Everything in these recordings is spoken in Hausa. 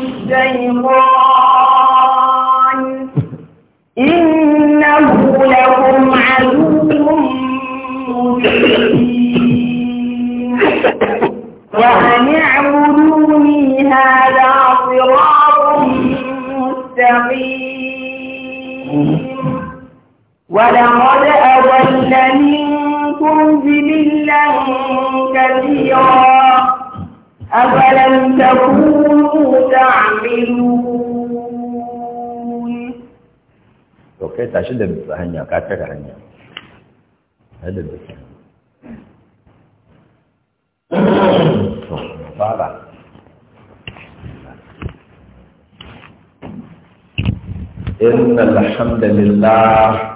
الشيطان إنه لهم عدو مبين وأن اعبدوني هذا صراط مستقيم ولقد أضل منكم جبلا كثيرا أفلم تكونوا تعقلون وكي تاشد بالصحنية كاتك حنية هذا بالصحنية طبعا إن الحمد لله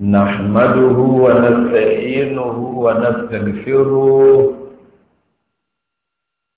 نحمده ونستعينه ونستغفره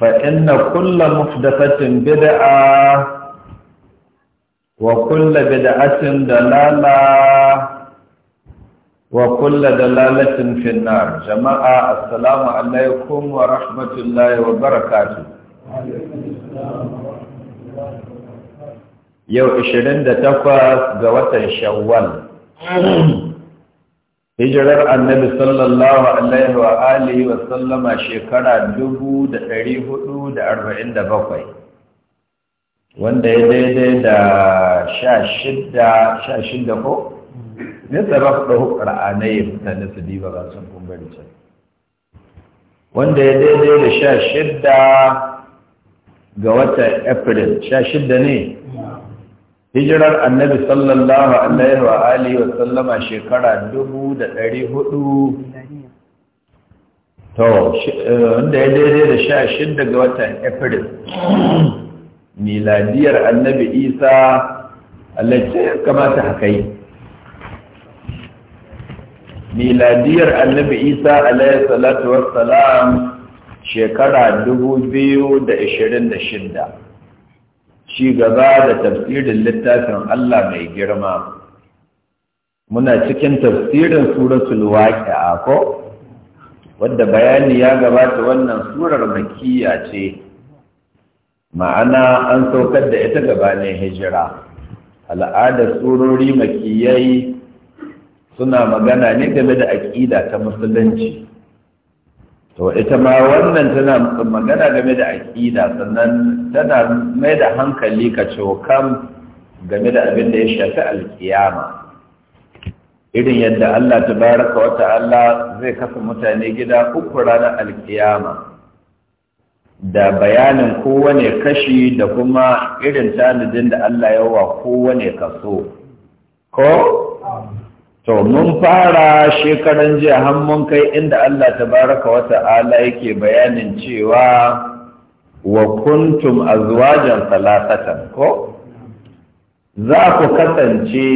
فإن كل محدثة بدعة وكل بدعة دلالة وكل دلالة في النار جماعة السلام عليكم ورحمة الله وبركاته يو 28 ga watan Shawwal hijirar annabi sallallahu alaihi wa alihi wa sallama shekara bakwai, wanda ya daidai da sha shidda sha ko ne ba da hukar anayi mutane su diba ba sun kumbari can wanda ya daidai da sha shidda ga watan april sha shidda ne hijirar annabi sallallahu alaihi wa alihi wa sallama shekara dubu da ɗari hudu to eh, wanda ya daidai da sha shi daga watan april miladiyar annabi isa alaice ya kamata haka yi miladiyar annabi isa alaihi salatu wassalam shekara dubu biyu da ishirin da shida ci gaba da tafsirin littafin Allah mai girma muna cikin tafsirin suratul waqi'a ko wanda bayani ya gabata wannan surar makkiya ce ma'ana an saukar da ita gaba gabanin hijira al'adar surori makiyayi suna magana ne game da aƙida ta musulunci to ita ma wannan tana magana game da aƙida sannan tana mai da hankali ka kam game da abin da ya shafi alkiyama irin yadda Allah ta baraka wa ta'ala zai kafa mutane gida uku ranar alkiyama da bayanin kowane kashi da kuma irin tanadin da Allah yawa kowane kaso ko to mun fara shekaran jiya har mun kai inda Allah tabaraka wa ta'ala yake bayanin cewa wa kuntum azwajan salasatan ko za ku kasance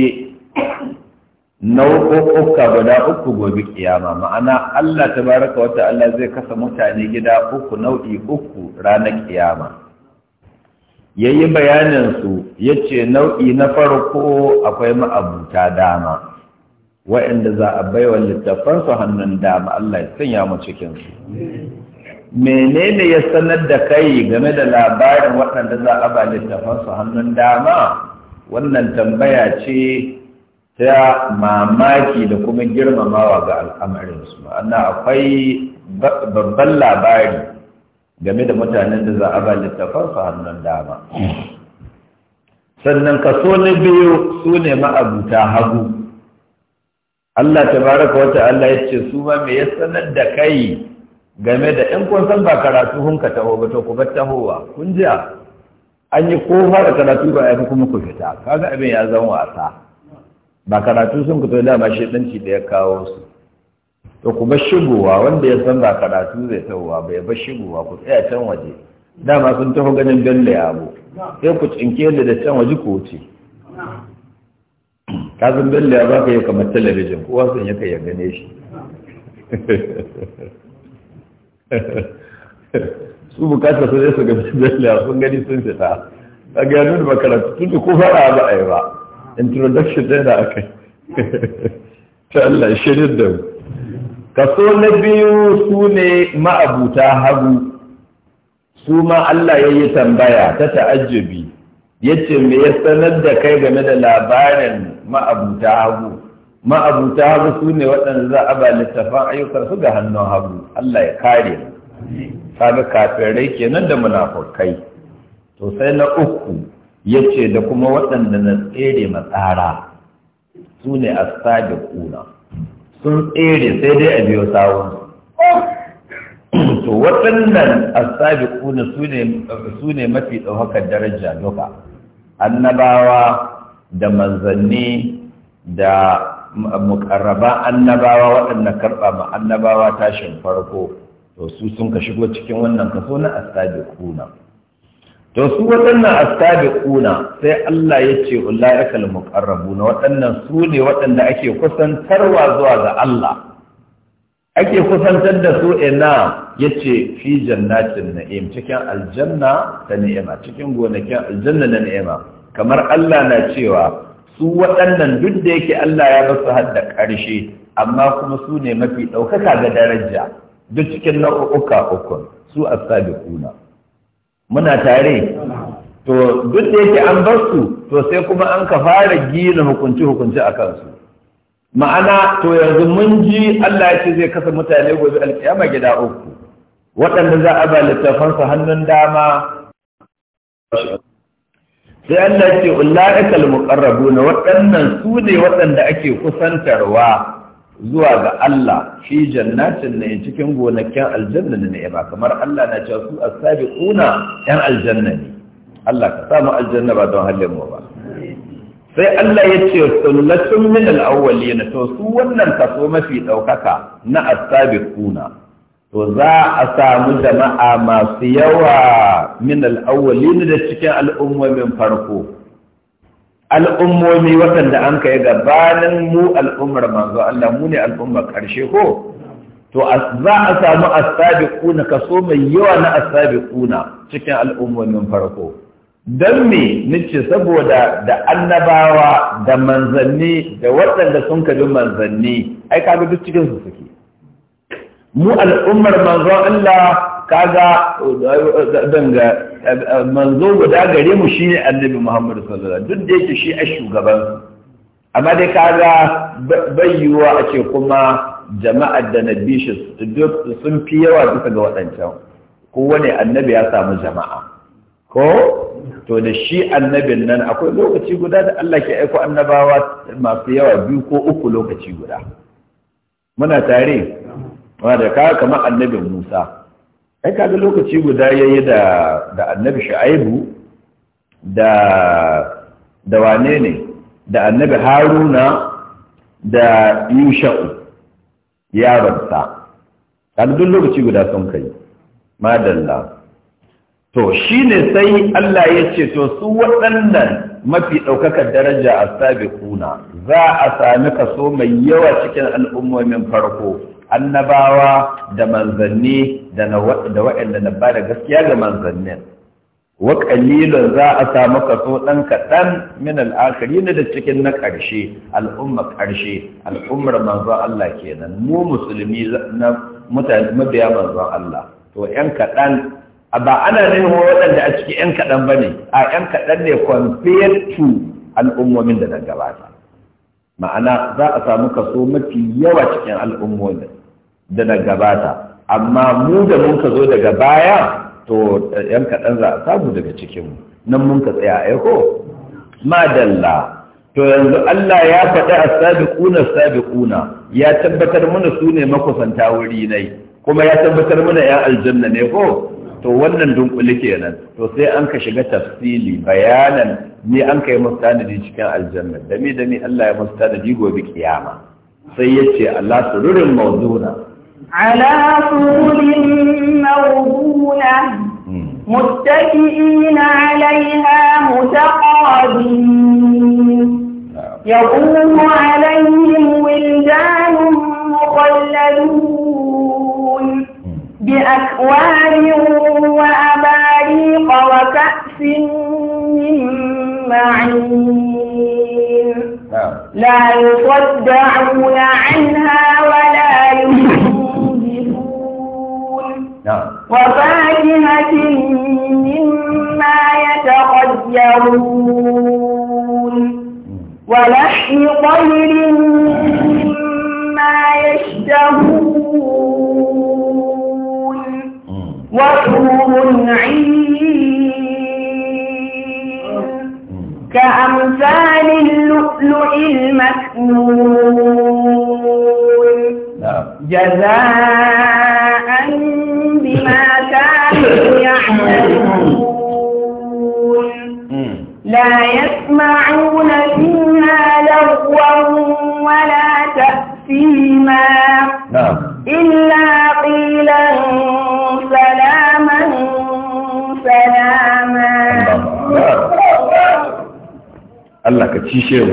nau'uka guda uku gobe kiyama ma'ana Allah tabaraka wa ta'ala zai kasa mutane gida uku nau'i uku ranar kiyama yayi bayanin su yace nau'i na farko akwai ma'abuta dama Wa'inda za a baiwa littafansu hannun dama Allah ya sanya mu cikinsu menene ya sanar da kai game da labarin waɗanda za a ba littafansu hannun dama wannan tambaya ce ta mamaki da kuma girmamawa ga al'amarin su. ma'ana akwai babban labari game da mutanen da za a ba littafansu hannun dama sannan kaso na biyu su ne ma'abuta hagu Allah tabaraka wata Allah ya ce su ba me ya sanar da kai game da in kun san ba karatu hun ka taho ba to ku bar tahowa kun ji an yi ko fara karatu ba a kuma ku fita kaga abin ya zama wasa ba karatu sun ku fito dama ci da ya kawo su to ku bar shigowa wanda ya san ba karatu zai tahowa ba bar shigowa ku tsaya can waje dama sun taho ganin bello abu sai ku cinke da can waje ku wuce kazin bella za ka yi kamar talabijin kowa sun yaka ya gane shi su bukata su zai su gami bella sun gani sun fita a gani da makaranta tun da ko fara ba a yi ba introduction ɗaya da aka ta Allah shirin da mu kaso na biyu su ne ma'abuta hagu su ma Allah ya yi tambaya ta ta'ajjabi. ya ce me ya sanar da kai game da labarin ma'abuta hagu ma'abuta hagu su ne waɗanda za a ba littafan ayyukan su ga hannun hagu Allah ya kare mu kaga kafirai kenan da munafukai to sai na uku yace da kuma waɗanda na tsere matsara su ne sabi kuna sun tsere sai dai a biyo sawun to waɗannan a sabi kuna su ne mafi ɗaukar daraja duka annabawa da manzanni da mukarraba annabawa waɗanda karɓa ma annabawa tashin farko to su sun ka shigo cikin wannan kaso na astabi kuna to su waɗannan astabi kuna sai Allah ya ce mukarrabu na waɗannan su ne waɗanda ake kusantarwa zuwa ga Allah ake kusantar da su ina yace fi jannatin na'im cikin aljanna ta ni'ima cikin gonakin aljanna na ni'ima kamar Allah na cewa su waɗannan duk da yake Allah ya basu hadda ƙarshe amma kuma su ne mafi ɗaukaka ga daraja duk cikin nau'uka uku su as kuna. muna tare to duk da yake an bar su to sai kuma an ka fara gina hukunci hukunci a kansu ma'ana to yanzu mun ji Allah ya ce zai kasa mutane gobe alƙiyama gida uku waɗanda za a ba littafansa hannun dama sai Allah ce ulaiikal muqarrabuna waɗannan su ne waɗanda ake kusantarwa zuwa ga Allah fi jannatin ne cikin gonakin aljanna ne ba kamar Allah na cewa su as-sabiquna yan aljanna ne Allah ka samu aljanna ba don halin mu ba sai Allah ya ce sullatun min al to su wannan kaso mafi daukaka na as-sabiquna to za a samu jama'a masu yawa min al'awwalin da cikin al'ummomin farko al'ummomi waɗanda an kai gabanin mu al'ummar manzo Allah mu ne al'ummar ƙarshe ko to za a samu asabiquna kaso mai yawa na asabiquna cikin al'ummomin farko Dan me nace saboda da annabawa da manzanni da waɗanda sun kabi manzanni ai kaga duk cikin su suke mu al'ummar manzo Allah kaga danga manzo guda gare mu shine annabi Muhammad sallallahu alaihi wasallam duk da yake shi a shugaban amma dai kaga bayyuwa a ce kuma jama'ar da nabi shi sun fi yawa duka ga waɗancan kowane annabi ya samu jama'a ko to da shi annabin nan akwai lokaci guda da Allah ke aiko annabawa masu yawa biyu ko uku lokaci guda muna tare wanda ka kamar annabin Musa ai kaga lokaci guda yayi da da annabi Shu'aibu da da wane ne da annabi Haruna da Yusha'u yaron sa kaga duk lokaci guda sun kai madalla to shine sai Allah ya ce to su waɗannan mafi ɗaukakar daraja a kuna za a sami kaso mai yawa cikin al'ummomin farko annabawa da manzanni da waɗanda na ba da gaskiya ga manzannin wa ƙalilun za a samu kaso ɗan kaɗan min al'akari na da cikin na ƙarshe al'umma ƙarshe al'ummar manzon Allah kenan mu musulmi na mutane mabiya manzon Allah to ‘yan kaɗan ba ana nemo waɗanda a ciki ‘yan kaɗan ba ne a ‘yan kaɗan ne compared to al'ummomin da na gabata ma'ana za a samu kaso mafi yawa cikin al'ummomin da na gabata amma mu da mun ka zo daga baya to eh, yan kaɗan za a samu daga cikinmu nan mun ka tsaya aiko eh, madalla to yanzu Allah ya faɗi a sabiƙuna sabiƙuna ya tabbatar mana su ne makusanta wuri ne kuma ya tabbatar mana ya aljanna ne ko to wannan dunkule kenan to sai an ka shiga tafsili bayanan ni an kai mustanadi cikin aljanna da dami Allah ya mustanadi gobe kiyama sai yace Allah sururin mawduna على طول موضونة متكئين عليها متقابلين نعم. يقوم عليهم ولدان مخلدون بأكوان وأباريق وكأس من معين نعم. لا يصدعون عنها ولا يصدعون نعم. وفاكهة مما يتخيرون ولحم طير مما يشتهون وحور عين كأمثال اللؤلؤ المكنون نعم. جزاء لا يسمعون فيها لغوا ولا تأثيما إلا قيلا سلاما سلاما الله كتشيشه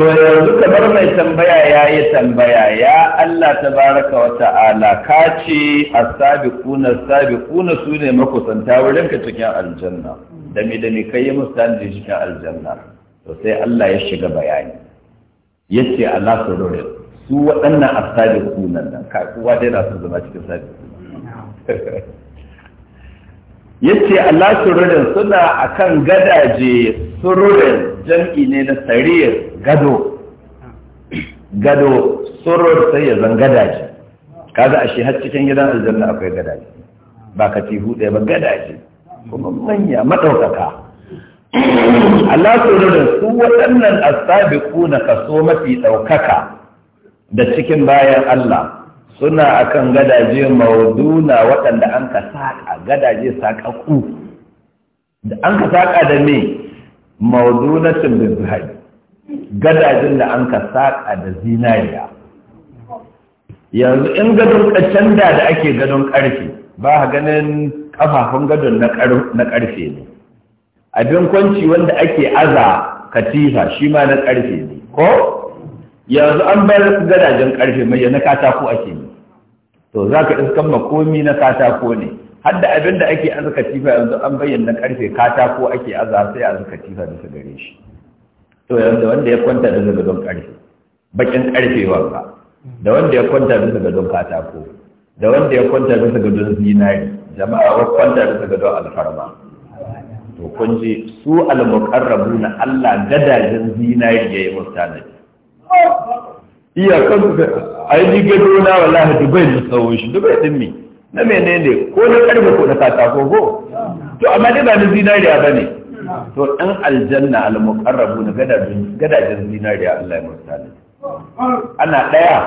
to yanzu kamar mai tambaya ya yi tambaya ya Allah ta baraka wa ta'ala ka ce as-sabiquna as su ne makusanta wurin ka cikin aljanna da dami da yi musu da cikin aljanna to sai Allah ya shiga bayani ya ce Allah su rore su waɗannan a sabiquna nan kuwa dai na su zama cikin sabiquna yace Allah sururin suna akan gadaje sururin jam'i ne na sarir gado gado surur sai ya zan gadaje kaga ashe har cikin gidan aljanna akwai gadaje ba katihu ɗaya ba gadaje kuma manya madaukaka Allah sururin su waɗannan asabiquna kaso mafi daukaka da cikin bayan Allah suna akan gadaje mauduna waɗanda an ka saƙa gadaje saƙaƙu da an ka saƙa da me maudunatin gadajen da an ka saƙa da zinariya yanzu in gadon ƙarshen da da ake gadon ƙarfe ba ganin ƙafafun gadon na ƙarfe ne abin kwanci wanda ake aza katifa shi ma na ƙarfe ne ko yanzu an bar gadajen karfe mai na katako ake yi to za ka iskan makomi na katako ne har da abin da ake azuka tifa yanzu an bayyana karfe katako ake aza sai azuka tifa bisa gare shi to yanzu wanda ya kwanta da gadon karfe bakin karfe wanka da wanda ya kwanta bisa gadon katako da wanda ya kwanta bisa gadon zinari jama'a wa kwanta bisa gadon alfarma to kun ji su almuqarrabuna Allah gadajen zinari yayi mutanai iyakar su a yi gado na wallahi dubai da tsawon shi dubai din me na menene ko na karfe ko na katako ko to amma dai ba na zinariya ba ne to dan aljanna al-muqarrabu na gadajen zinariya Allah ya mutane ana ɗaya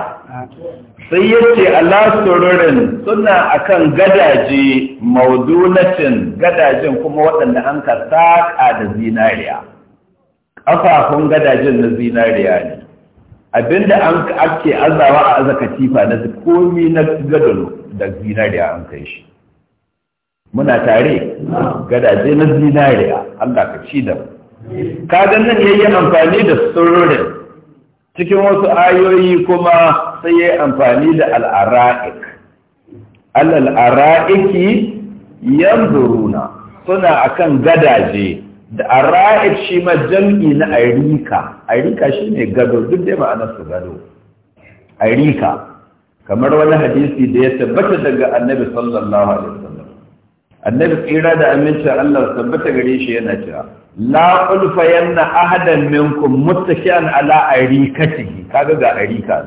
sai yace Allah sururin suna akan gadaje maudunatin gadajen kuma waɗanda an ka saka da zinariya kafafun gadajen na zinariya ne abinda an ake azawa a aza katifa na komi na gadalo da zinariya an kai shi muna tare gadaje na zinariya Allah ka ci da ka ga nan yayi amfani da sururin cikin wasu ayoyi kuma sai yayi amfani da al'ara'ik alal ara'iki yanzuruna suna akan gadaje da arra'ib shi ma jam'i na arika arika ne gado duk dai ma'anar su gado arika kamar wani hadisi da ya tabbata daga annabi sallallahu alaihi wasallam annabi tsira da aminci Allah tabbata gare shi yana cewa la ulfa yanna ahadan minkum muttaki'an ala arikatihi kaga ga arika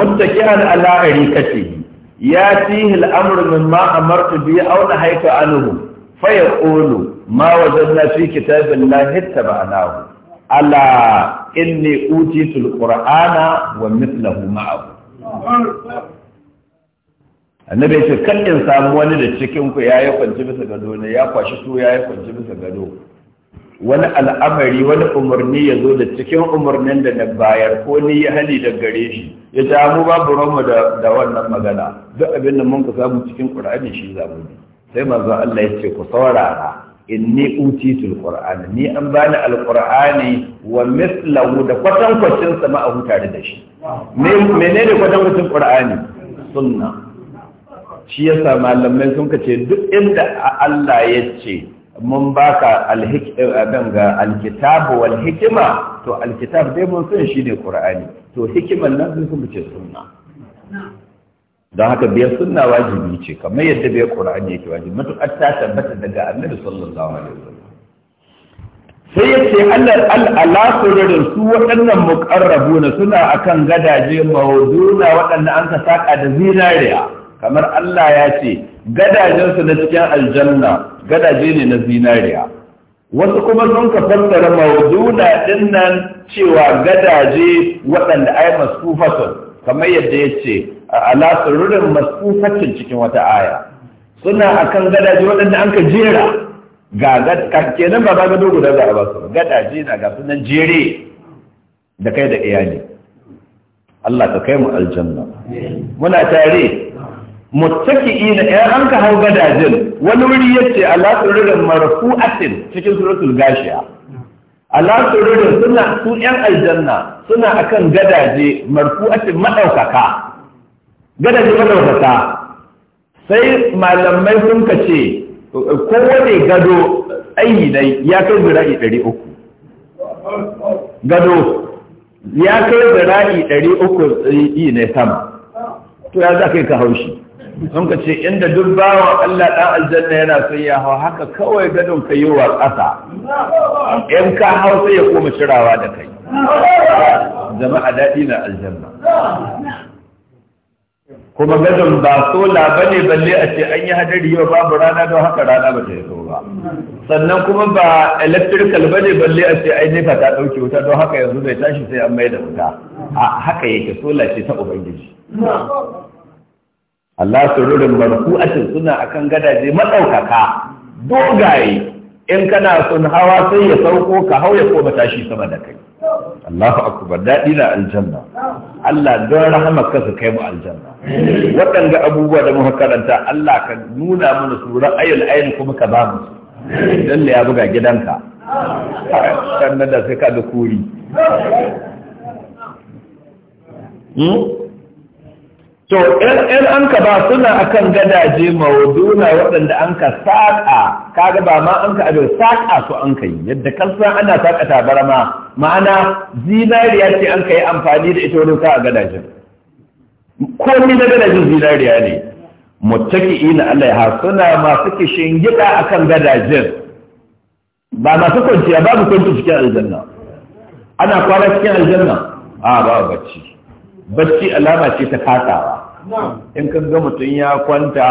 muttaki'an ala arikatihi ya tihil amru mimma amartu bi aw nahaytu anhu fa yaqulu ma wajen fi kitabillahi ittaba'nahu ala inni utitul qur'ana wa mithluhu ma'ahu annabi ce kan in samu wani da cikin ku ya yi kwanci bisa gado ne ya kwashi su ya yi kwanci bisa gado wani al'amari wani umarni ya zo da cikin umarnin da na bayar ko ni ya hali da gare shi ya ta mu babu ranmu da wannan magana duk abin da mun ka samu cikin ƙur'ani shi zamu sai manzo Allah ya ce ku saurara inni tul qur'ana ni an bani alqur'ani wa mithlahu da kwatan kwacin sa ma a tare da shi menene kwatan kwacin qur'ani sunna shi yasa malamai sun kace duk inda Allah ya ce mun baka alhikam ga kitab wal hikma to alkitab dai mun san ne qur'ani to hikiman nan sun kace sunna don haka biyar sunna wajibi ce kamar yadda biyar qur'ani yake wajibi matuƙar ta tabbata daga annabi sallallahu alaihi wasallam sai yace allar al'ala da su waɗannan na suna akan gadaje mawduna waɗanda an ka saka da zinariya kamar Allah ya ce gadajensu na cikin aljanna gadaje ne na zinariya wasu kuma sun ka fassara ɗin dinnan cewa gadaje waɗanda ai masufatun kamar yadda yace ala sururin masufatin cikin wata aya suna akan gadaje waɗanda an ka jera ga kenan ba ba gado guda za a ba su gadaje na ga sunan jere da kai da iyali Allah ka kai mu aljanna muna tare mutaki ina ya an ka hau gadajen wani wuri yace ala sururin marfu'atin cikin suratul gashiya ala sururin suna su yan aljanna suna akan gadaje marfu'atin madaukaka gada ji madaukata sai malamai sun ka ce kowane gado ayi ya kai zira'i ɗari uku gado ya kai zira'i ɗari uku sama to ya za ka yi ka haushi sun ka ce inda duk bawa Allah ɗan aljanna yana sai ya hau haka kawai gadon ka yi wa ƙasa in ka hau sai ya koma shirawa da kai jama'a daɗi na aljanna kuma gadon ba sola ba ne balle a ce an yi hadari yau babu rana don haka rana ba ta yi ba sannan kuma ba electrical ba ne balle a ce ai nefa ta ɗauke wuta don haka yanzu bai tashi sai an mai wuta a haka yake sola ce ta ubangiji Allah sururin marfu'atin suna akan gadaje maɗaukaka dogaye in kana sun hawa sai ya sauko ka hau ya koma tashi sama da kai Allahu akbar daɗi na aljanna Allah don rahama ka su kai mu aljanna waɗanda abubuwa da muka karanta Allah ka nuna mana su ra'ayil ayin kuma ka ba mu dan ya buga gidanka sannan da sai ka da kuri hmm? to ɗan an ka ba suna akan gadaje mawuduna waɗanda an ka saƙa kaga ba ma an ka abin saƙa su an ka yi yadda kansan ana saƙa ma, ma'ana zinariya ce an ka yi amfani da ita wurin sa a gadajen komi na gadajen zinariya ne mutaki ina Allah ya suna masu kishin gida a kan gadajen ba masu kwanciya babu kwanci cikin aljanna ana kwana cikin aljanna a ba bacci bacci alama ce ta kasawa in ka ga mutum ya kwanta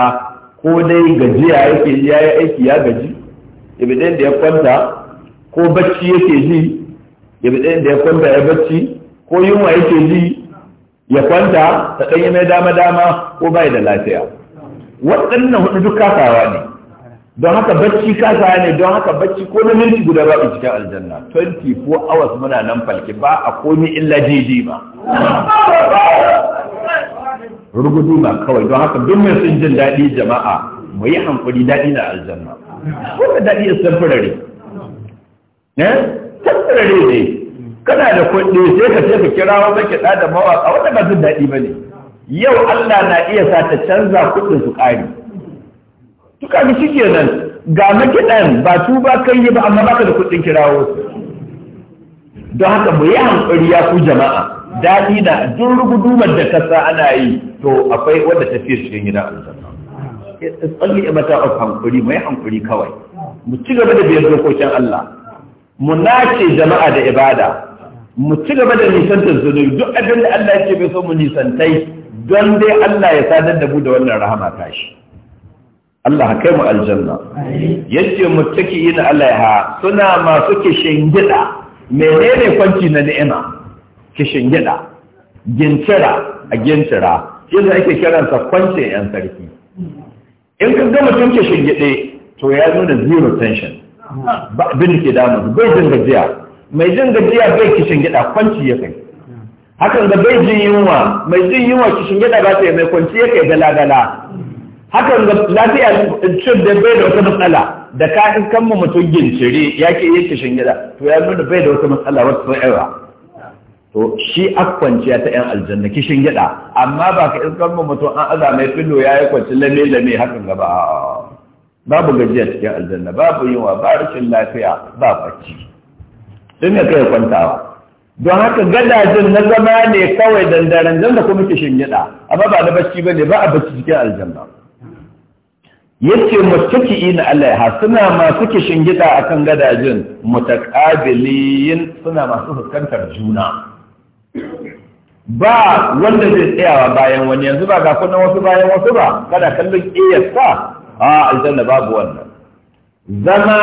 ko dai gajiya yake ya yi aiki ya gaji ibidan da ya kwanta ko bacci yake ji ibidan da ya kwanta ya bacci ko yunwa yake ji ya kwanta ta ɗanyi mai dama-dama ko bai da lafiya waɗannan hudu duk kasawa ne don haka bacci kasa ne don haka bacci ko na minti guda ba a cikin aljanna 24 hours muna nan falki. ba a komi illa daidai ba rugudu ba kawai don haka duk mai sun jin daɗi jama'a mu yi hankali daɗi na aljanna da daɗi ya temporary ne eh? temporary ne kana da kuɗi sai ka sai ka kira wanda ke da mawaƙa wanda ba jin daɗi ba ne yau Allah na iya sa ta canza kuɗin su ƙari tuka ga shi kenan ga makiɗan ba su ba kai yi ba amma baka da kuɗin kirawo don haka mu yi hankali ya ku jama'a daɗi na duk rugudumar da kasa ana yi to akwai wanda ta fiye cikin gida aljanna tsalli a mata a hankuri mu yi hankuri kawai mu ci gaba da biyar dokokin Allah mu nace jama'a da ibada mu ci gaba da nisantar zunubi duk abin da Allah yake bai so mu nisantai don dai Allah ya sadar da mu da wannan rahama tashi Allah kai mu aljanna yace muttaki'ina alaiha suna masu kishin gida menene kwanci na ni'ima kishin gida gintira a gintira yadda ake sa kwance yan sarki in ka ga mutum kishin gide to ya nuna zero tension ba bin ke mu bai jin gajiya mai jin gajiya bai kishin gida kwanci ya kai hakan da bai jin yunwa mai jin yunwa kishin gida ba sai mai kwanci ya kai gala gala hakan ga lafiya cin da bai da wata matsala da ka in kan mutum gincire ya ke yi kishin gida to ya nuna bai da wata matsala wata tsaiwa to shi akwanciya ta yan aljanna kishin gida amma ba ka in kanmu mutum an aza mai filo ya yi kwanci lame lame hakan gaba babu gajiya cikin aljanna babu yiwa ba rashin lafiya ba bacci don ya kai kwantawa don haka gadajin na zama ne kawai dandaren da kuma kishin gida amma ba na bacci ba ne ba a bacci cikin aljanna yace ina Allah ha suna masu kishin gida akan gadajin mutaqabilin suna masu fuskantar juna ba wanda zai tsayawa bayan wani yanzu ba ga kunan wasu bayan wasu ba kada kallon iyasta a aljanna babu wannan zama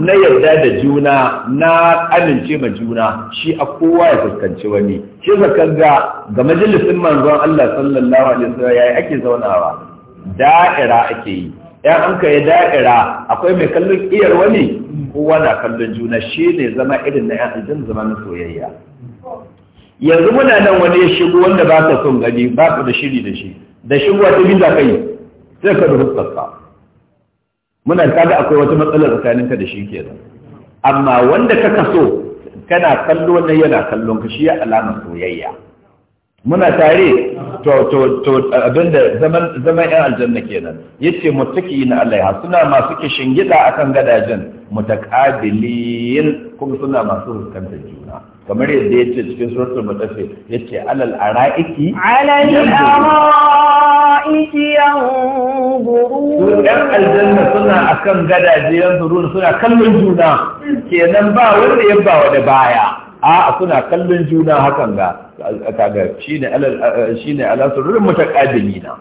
na yarda da juna na amince ma juna shi a kowa ya fuskanci wani shi zakar ga ga majalisin manzon Allah sallallahu alaihi wasallam yayi ake zaunawa da'ira ake yi yan an ka ya da'ira akwai mai kallon iyar wani kowa na kallon juna shi ne zama irin na yan zama na soyayya yanzu muna nan wani ya shigo wanda ba ka son gani ba ka da shiri da shi da shigowa ta da kai sai ka da huskarka muna kaga akwai wata matsala tsakanin ka da shi ke amma wanda ka kaso kana kallo wannan yana kallon ka shi ya alamar soyayya muna tare to to to abinda zaman zaman yan aljanna kenan yace muttaki na Allah suna masu kishin gida akan gadajen mutaqabilin kuma suna masu fuskantar juna kamar yadda yace cikin suratul mutaffi yace alal araiki alal araiki yanzurun yan aljanna suna akan gadajin yanzurun suna kallon juna kenan ba wanda ya wa da baya a suna kallon juna hakan ga kaga shine alal shine na.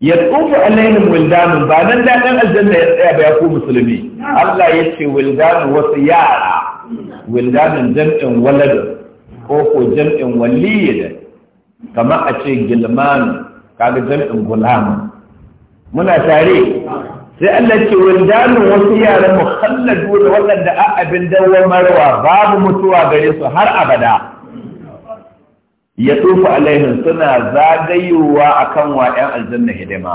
Ya yatufu alaihim wildanun ba nan da dan aljanna ya tsaya ba ya ku musulmi Allah ya ce wasu yara wildanun jam'in walad ko ko jam'in waliyyin kamar a ce gilman kaga jam'in gulam muna tare sai Allah ce wandanin wasu yaran muhalladu da waɗanda a abin marwa babu mutuwa gare su har abada ya tsufa alaihin suna zagayowa akan wa 'yan aljanna hidima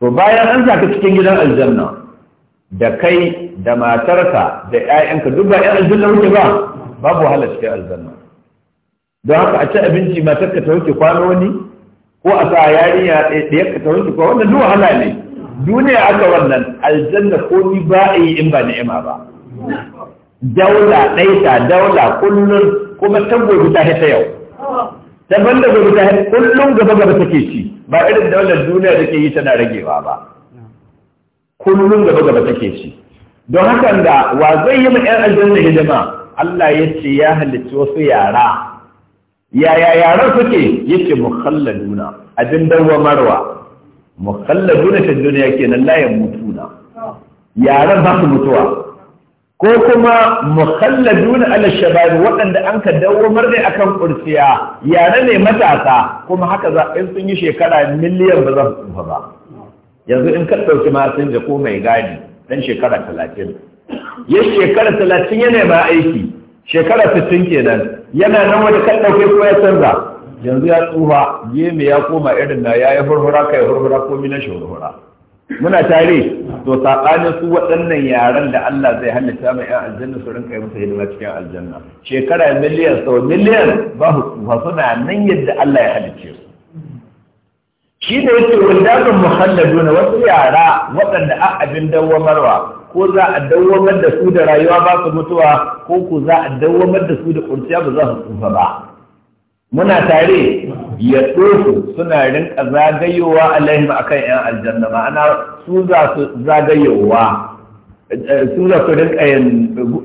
to bayan an saka cikin gidan aljanna da kai da matarka da 'ya'yanka duk ba 'yan aljanna wuce ba babu wahala cikin aljanna don haka a ci abinci matarka ta wuce kwano wani ko a sa yarinya ɗaya ka ta wuce kwano wanda duk wahala ne duniya aka wannan aljanna ko ni ba a yi in ba ni'ima ba daula ɗaita daula kullum kuma ta gobe ta ta yau ta banda gobe ta kullum gaba gaba take ci ba irin daular duniya da ke yi tana ragewa ba kullum gaba gaba take ci don haka da wa zai yi mai 'yan aljanna hidima Allah ya ce ya halicci wasu yara yaya yaran suke yake mukhalladuna abin dawa marwa mukhalladuna fi dunya kenan la yamutuna yaran ba su mutuwa ko kuma mukhalladuna ala shabab waɗanda an ka dawamar ne akan kursiya yare ne matasa kuma haka za in sun yi shekara miliyan ba za su tsufa ba yanzu in ka ɗauki masin da ko mai gadi ɗan shekara talatin ya shekara talatin yana ma aiki shekara fitin kenan yana nan wani kan ɗauke ko ya canza yanzu ya tsufa geme ya koma irin na ya yi hurhura kai hurhura ko mina shi hurhura muna tare to saɓanin su waɗannan yaran da Allah zai halitta mai yan aljanna su rinka yi musu hidima cikin aljanna shekara miliyan sau miliyan ba su tsufa suna nan yadda Allah ya halicce su shi da yake wuldanun muhalladu na wasu yara waɗanda a abin dawwamarwa ko za a dawwamar da su da rayuwa ba su mutuwa ko ku za a dawwamar da su da ƙurciya ba za su tsufa ba muna tare ya ɗofu suna rinka zagayowa alaihim akan yan aljanna ana su za su zagayowa su za su rinka yin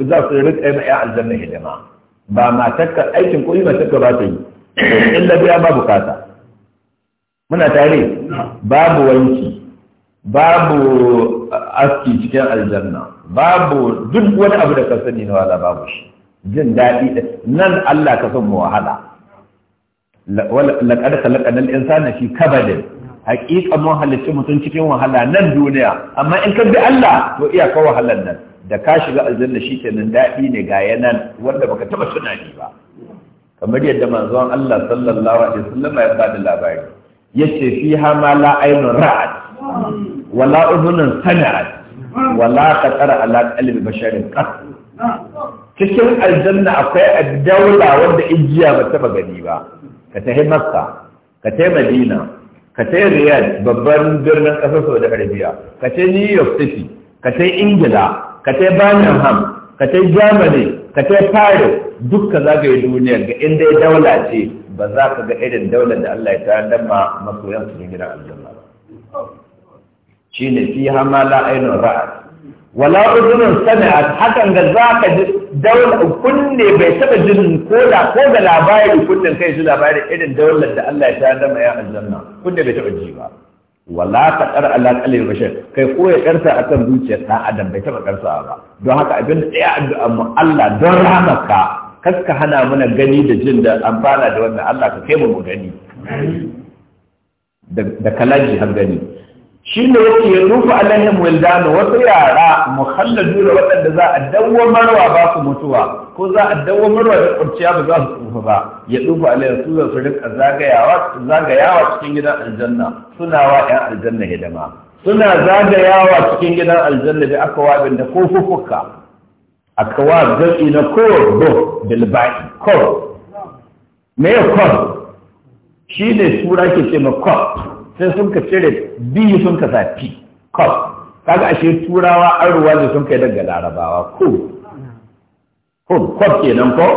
za su rinka yin yan aljanna hidima ba matakka aikin koyi matakka ba ta yi in biya ba bukata muna tare babu wanki babu aski cikin aljanna babu duk wani abu da ka sani na wala babu shi jin daɗi nan Allah ka san mu wahala laƙar kalaƙar nan insana shi kabadin hakika mun halicci mutum cikin wahala nan duniya amma in ka bi Allah to ka wahalar nan da ka shiga aljanna shi kenan daɗi ne ga yanan wanda baka taɓa tunani ba kamar yadda manzon Allah sallallahu alaihi wasallam ya bada labari yace fi ha ma la aynun ra'at wala udhunun sami'at wala qatara ala qalbi basharin qat cikin aljanna akwai addaula wanda ijiya ba taɓa gani ba ka tafi makka ka tafi madina ka tafi riyadh babban birnin kasar saudi arabia ka tafi new york city ka tafi ingila ka tafi birmingham ka tafi germany ka tafi paris dukka zagaye duniya ga inda ya daula ce ba za ka ga irin daular da allah ya tayar da masoyan su gidan aljanna ba shine fi hamala ainihin ra'ad wala uzurin sami'at hakan ga za ka ji kunne bai taɓa jin ko da ko da labari kunnen kai su labari irin daular da Allah ya ta dama ya aljanna kunne bai taɓa ji ba wala ta ƙar ala kalin bashar kai ko ya ƙarsa a kan zuciyar ɗan adam bai taɓa ƙarsa ba don haka abin da ɗaya addu'a mu Allah don ramaka kaska hana mana gani da jin da amfana da wannan Allah ka kai mu mu gani da kalaji har gani shi ne yake ya rufe alaihim wildanu wasu yara Muhallar da waɗanda za a dawo marwa ba su mutuwa ko za a dawo marwa da kurciya ba za su tsufa ba ya rufe alaihim su za su rika zagayawa cikin gidan aljanna suna wa ƴan aljanna hidima suna zagayawa cikin gidan aljanna da aka wabin da ko fufuka aka wa jam'i na kordo bilbai kor me kor shi ne tura ke ce ma kor sai sun ka cire biyu sun ka sa p cos kaga ashe turawa an ruwa ne sun kai daga larabawa ko ko kof kenan ko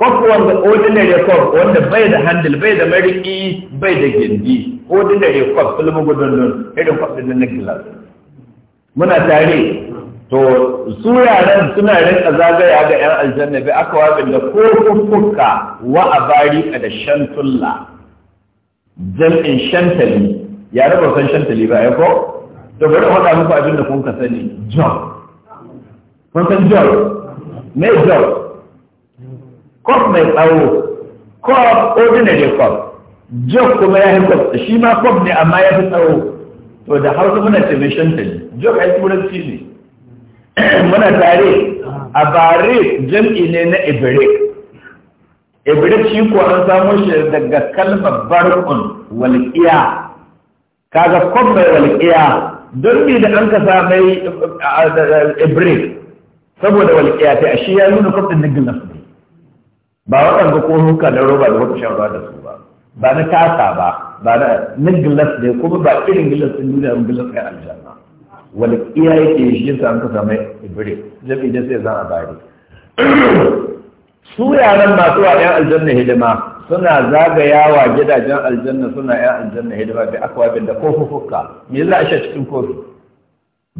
kof wanda ordinary kof wanda bai da handil bai da mariki e, bai da gindi ordinary kof sulmu gudun nun irin kof din na gilas. muna tare to su yaran suna rinka zagaya ga yan aljanna aka wabin da ko kuka wa a da shantulla jam'in shantali ya raba san shantali ba ya ko to bari faɗa muku abin da kun ka sani john kun san john me john kof mai tsawo kof ordinary kof john kuma ya yi kof shi ma kof ne amma ya fi tsawo to da hausa muna ce mai shantali john ai turanci ne muna tare a bare jam'i ne na ibrahim Ibrahim shi ko an samo shi daga kalmar bar'un walƙiya. kaga kon mai walqiya don bi da an ka samai Ibrahim saboda walqiya ta shi ya nuna kwafin nigin nasu ne ba waɗanda ko huka da roba da wata shan da su ba ba na tasa ba ba na nigin nasu ne kuma ba irin gilas sun duniya an gilas kai aljanna walqiya yake shi yasa an ka samai ibrik zabi da sai za a bari su yaran masu wa ‘yan aljanna hidima suna zagayawa gidajen aljanna suna ‘yan aljanna hidima aka akwabin da kofuffuka me za a cikin kofi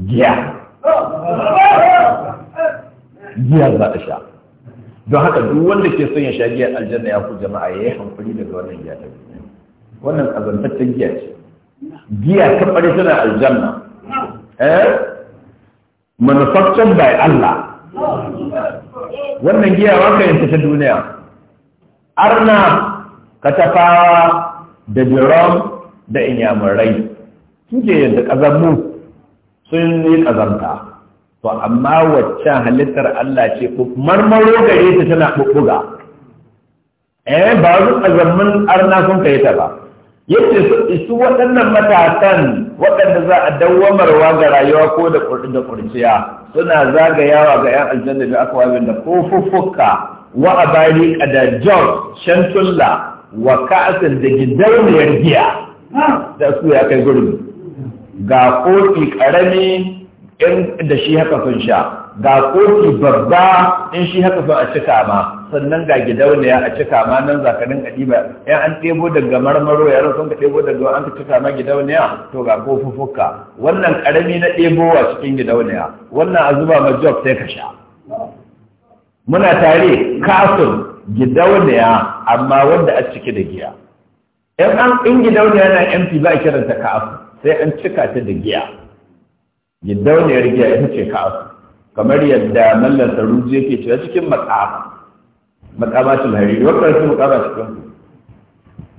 giya giya za a sha don haka duk wanda ke son ya sha giyar aljanna ya ku jama'a ya yi hankali daga wannan giya ta wannan azantaccen giya ce giya ta ɓari tana aljanna eh manufaccen by Allah wannan giya giyawa ka yanta ta duniya arna katafawa da jiran da inyamurai suke yanta ƙazammu sun yi ƙazamta to amma waccan halittar Allah ce ko marmaro gare ta tana ɓuɓɓuga eh ba wasu ƙazammun arna sun kai ta ba yadda su waɗannan matasan waɗanda za a dawwamarwa ga rayuwa ko da da kurciya suna zagayawa ga yan aljanna da aka wabin da kofuffuka wa a da jog shantulla wa ka'asin da gidauniyar giya da su ya kai gurbi ga kofi ƙarami in da shi haka sun sha ga kofi babba in shi haka so a cika ma sannan ga gidauniya a cika ma nan za ka yan an ɗebo daga marmaro yaran sun ka ɗebo daga an ka cika ma gidauniya to ga kofufuka wannan karami na ɗebowa cikin gidauniya wannan a zuba ma job sai ka sha muna tare kafin gidauniya amma wanda a cike da giya in an in gidauniya na MP ba kiranta ka'afu sai an cika ta da giya gidauniyar giya ita ce ka'afu. kamar yadda mallan saruji yake cewa cikin makama makama cin hariri wakar su makama cikin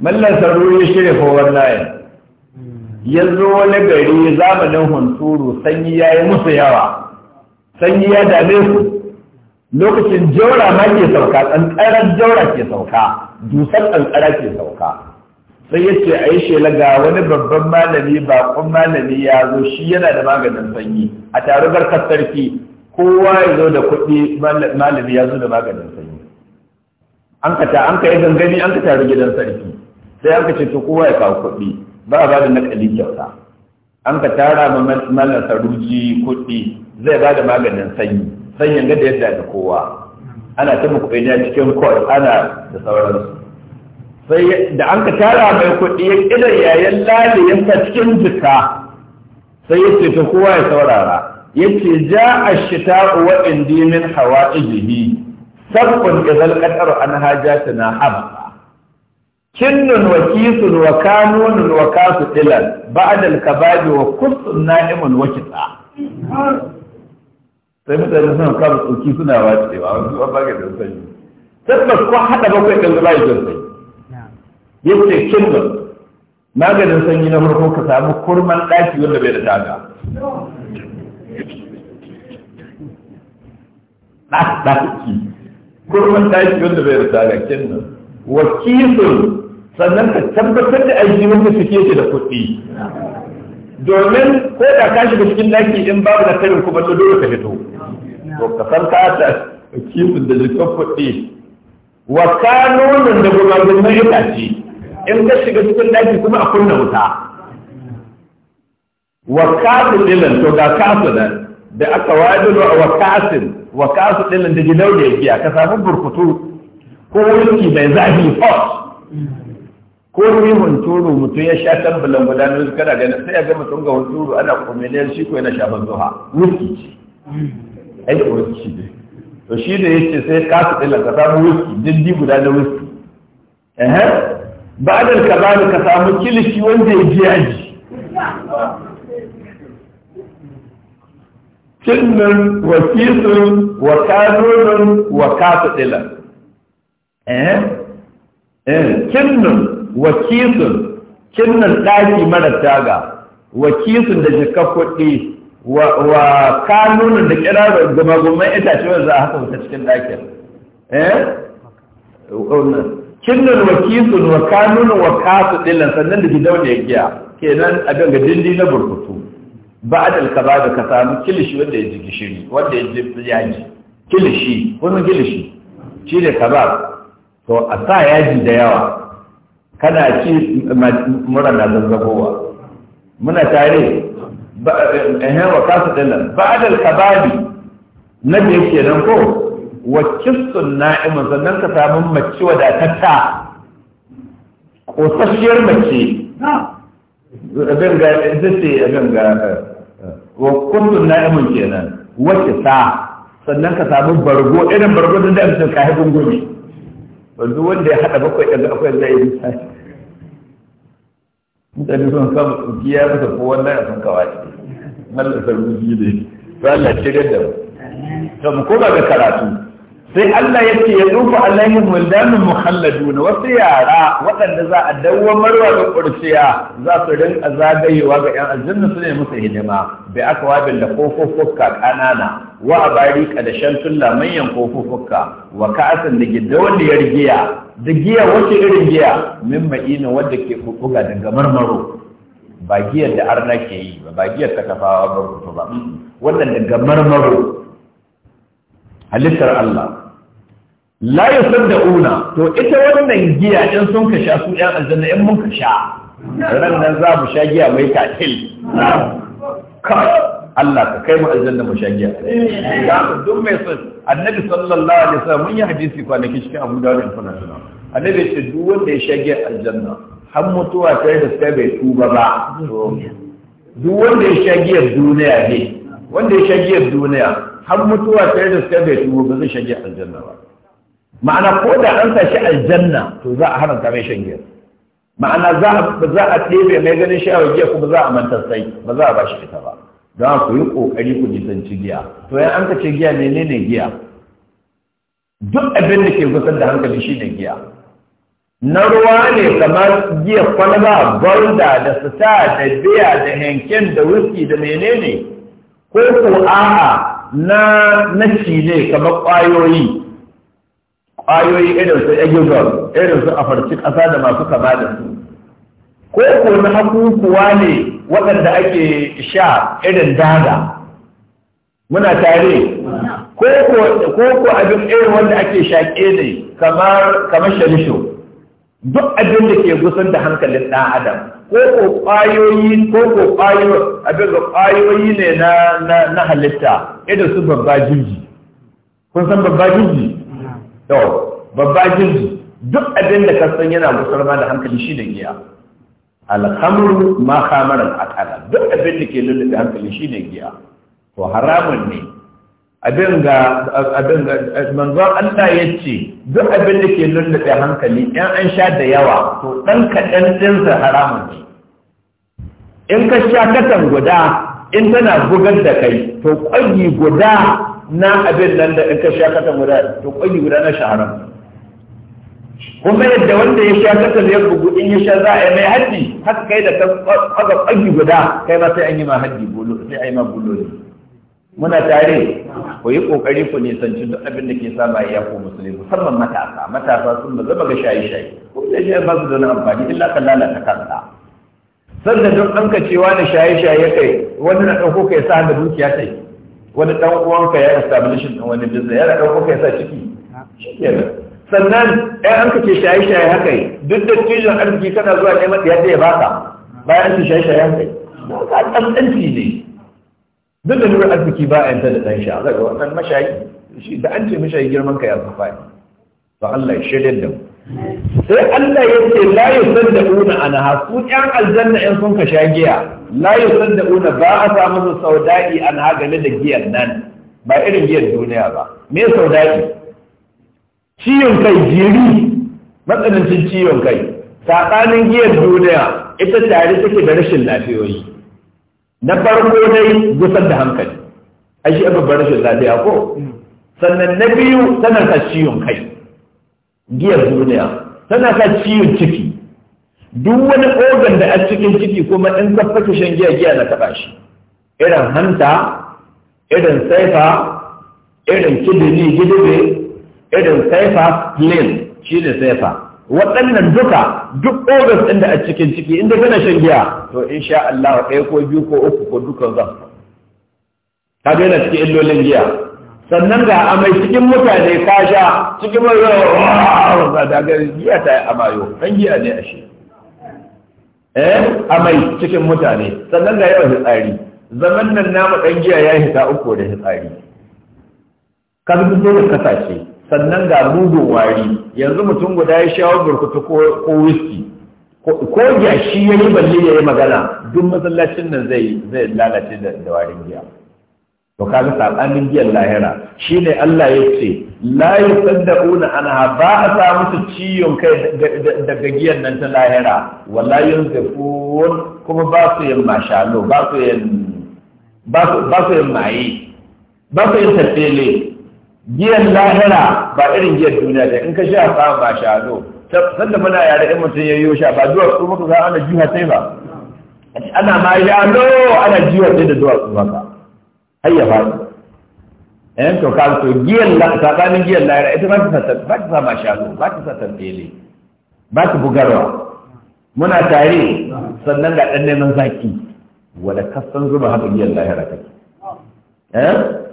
mallan saruji ya shirya fowar layin ya zo wani gari zamanin hunturu sanyi ya yi musu yawa sanyi ya dame su lokacin jaura ma ke sauka tsantsarar jaura ke sauka dusar tsantsara ke sauka sai ya ce a yi shela ga wani babban malami bakon malami ya zo shi yana da maganin sanyi a tarugar sarki. kowa ya zo da kuɗi malami ya zo da maganin sanyi an ka ta an ka yi gangami an ka taru gidan sarki sai an ka ce to kowa ya kawo kuɗi ba a ba da nakali kyauta an ka tara ma malam saruji kuɗi zai ba da maganin sanyi sanyin ga da yadda da kowa ana ta muku cikin kwal ana da sauransu sai da an ka tara mai kuɗi ya ƙidan yayin ta cikin jika sai ya ce ta kowa ya saurara yake ja a shita wa indi min hawa'ijihi sabqun idhal qataru an na hab kinnun wa kisun wa kanunun wa kasu ilan ba'dal kababi wa kusun na'imun wa kitsa sai mutane suna kawo tsoki suna wace ba wani zuwa da sanyi tabbas ko hada bakwai kan zuba ya sanyi yace kinnun maganin sanyi na farko ka samu kurman ɗaki wanda bai da daga ɗaki da ɗaki wanda bai rasa ga kenan wakilin sannan ka tabbatar da aiki wanda suke da kuɗi domin ko da ka shiga cikin daki in babu da karin kuma to dole ka fito to ka san ka ta wakilin da jikin kuɗi wa kanonin da gumagumin ce in ka shiga cikin daki kuma a kunna wuta wa kasu dillan to ga kasu nan da aka wajilo wa kasin wa kasu dillan da gidau da yake ka samu burkutu ko whisky mai zafi hot ko wuri hunturu mutum ya sha tan bulan bulan ne kada ga sai ya ga mutum ga hunturu ana kumeliyar shi ko yana sha zuwa, whisky ce ai whisky ce to shi da ce sai kasu dillan ka samu whisky dindi guda na whisky eh ba da ka ka samu kilishi wanda ya ji aji kinnin wa kisin wa kanunin wa kasudilan eh eh kinnin wa kisin kinnin ɗaki mara taga wa kisin da jika kuɗi wa kanunin da kira da gumagumai ce wanda za a haka wuta cikin ɗakin eh kinnin wa kisin wa kanunin wa kasudilan sannan da gidauniyar giya kenan abin ga dindi na burkutu ba da alkaba da ka samu kilishi wanda ya ji gishiri wanda ya ji yaji kilishi wani kilishi shi ne kabab to a sa yaji da yawa kana ci mura na zazzabowa muna tare ehem wa kasu dillan ba da alkababi na da yake nan ko wakil sunna imin sannan ka samu mace wadatatta ƙosasshiyar mace abin ga ita ce abin ga eh, wa kuntun na'imun kenan wace sa sannan ka samu bargo irin bargo da zai mutum kayi gungumi wanda wanda ya haɗa bakwai ɗaga akwai zai yi sai mutane sun kama tsuki ya masa ko wannan ya sun kawai mallar sarkuki ne ba Allah shirya da mu kuma ba ga karatu sai Allah ya ce ya tsufa alaihim waldanu muhalladuna wasu yara waɗanda za a dawwamar wa da ƙurciya za su rinka zagayewa ga 'yan aljanna su ne musu hidima bai aka wabin da kofuffuka ƙanana wa a bari ƙadashen tulla manyan kofuffuka wa da giddawalliyar giya da giya wace irin giya min ma'ina wadda ke kuɓuga daga marmaro ba giyar da arna ke yi ba ba giyar ta kafawa ba ba wannan daga marmaro halittar Allah la yusadda'una to ita wannan giya in sun ka sha su ɗan aljanna in mun ka sha ran nan za mu sha giya mai katil Allah ka kai mu aljanna mu sha giya duk mai son annabi sallallahu alaihi wasallam mun yi hadisi kwanaki cikin Abu Dawud international annabi ce duk wanda ya sha giya aljanna har mutuwa ta da sai bai tuba ba duk wanda ya sha giyar duniya ne wanda ya sha giyar duniya har mutuwa ta da suka bai tubo ba zai shage aljanna ba ma'ana ko da an tashi aljanna to za a haramta mai shan giya ma'ana za a ɗebe mai ganin shawar giya kuma za a manta sai ba za a ba shi ita ba don ku yi ƙoƙari ku jisanci giya to yan an kace giya ne ne giya duk abin da ke gusar da hankali shi ne giya na ruwa ne kamar giya kwalba balda da sita da biya da henken da whisky da menene ko ko a'a na na ne kamar ƙwayoyi ƙwayoyi irin su egizol irin su afarci ƙasa da masu kama da su ko ko na hakukuwa ne waɗanda ake sha irin daga muna tare ko ko abin irin wanda ake shaƙe ne kamar shalisho duk abin da ke gusar da hankalin ɗan adam ko ko kwayoyi ko ko a abin da kwayoyi ne na na halitta idan su babba jirgi kun san babba jirgi to babba jirgi duk abin da ka san yana musulma da hankali shi ne giya alhamdu ma khamara akala duk abin da ke lullube hankali shi ne giya to haramun ne abin ga abin ga manzon Allah yace duk abin da ke lullube hankali in an sha da yawa to dan kadan din sa haramun ne in ka sha katan guda in tana bugar da kai to kwagi guda na abin nan da in ka sha katan guda to kwagi guda na shaharan kuma yadda wanda ya sha katan ya bugu in ya sha za a yi mai haddi haka kai da ka kwaga kwagi guda kai ma sai an yi ma haddi sai a yi ma buloli muna tare ku yi kokari ku nisanci duk abin da ke sama ya ko musulmi musamman matasa matasa sun ba zama ga shaye-shaye ko da shi ba su da wani amfani illa ka lalata kanka sanda duk an ka cewa da shaye-shaye kai wani na ɗauko kai sa da dukiya yi, wani ɗan uwanka ya establishin ɗan wani business yana ɗauko kai sa ciki sannan ɗan an ka ce shaye-shaye haka yi duk da tijin arziki kana zuwa neman da ya baka bayan su shaye-shaye haka kai. ba ka ƙasƙanci ne duk da nuna arziki ba a yanta da ɗan sha zai wannan mashayi shi da an ce mashayi girman ka ya fi faɗi ba Allah ya shirya da mu sai Allah ya ce la san a na su ƴan aljanna ƴan sun ka sha giya la san una ba a samu su a na game da giyar nan ba irin giyar duniya ba me daɗi. ciwon kai jiri matsanancin ciwon kai saɓanin giyar duniya ita tare take da rashin lafiyoyi na farko dai gusar da hankali a shi babbar rashin lafiya ko sannan na biyu tana sa ciwon kai giyar duniya tana sa ciwon ciki duk wani organ da a cikin ciki kuma in ka fake shan giya giya na taɓa shi irin hanta irin saifa irin kidini gidibe irin saifa lin shi ne saifa waɗannan duka duk ogas ɗin da a cikin ciki inda gana shan giya to in sha Allah ɗaya ko biyu ko uku ko dukan zan ka ga yana cikin illolin giya sannan ga amai cikin mutane ka sha cikin mai yawa da ga giya ta yi amayo ɗan giya ne a shi eh amai cikin mutane sannan ga yawan hitsari zaman nan namu ɗan giya ya hita uku da hitsari ka zubi dole kasace sannan ga mugun wari yanzu mutum guda ya shawo burkutu ko whisky ko giya shi ya yi balle ya yi magana duk masallacin nan zai zai lalace da warin giya to kaga sabanin giyan lahira shine Allah ya ce la yusaddauna anha ba a sa musu ciyon kai daga giyan nan ta lahira wala yunzifun kuma ba su yin mashalo ba su yin ba su yin maye ba su yin tafele giyan lahira ba irin giyan duniya da in ka sha ba ba san sanda muna yare in mutum ya yi sha ba duwatsu muka za ana jiha sai ba ana ma shano ana jiwa sai da duwatsu maka har ba faɗi yan eh, to ka to giyan tsakanin giyan lahira ita ba ta sa ba ta sa ma ba ta sa tantele ba ta bugarwa muna tare sannan ga ɗan neman zaki wadda kasan zuba haka giyan lahira take ke. Eh?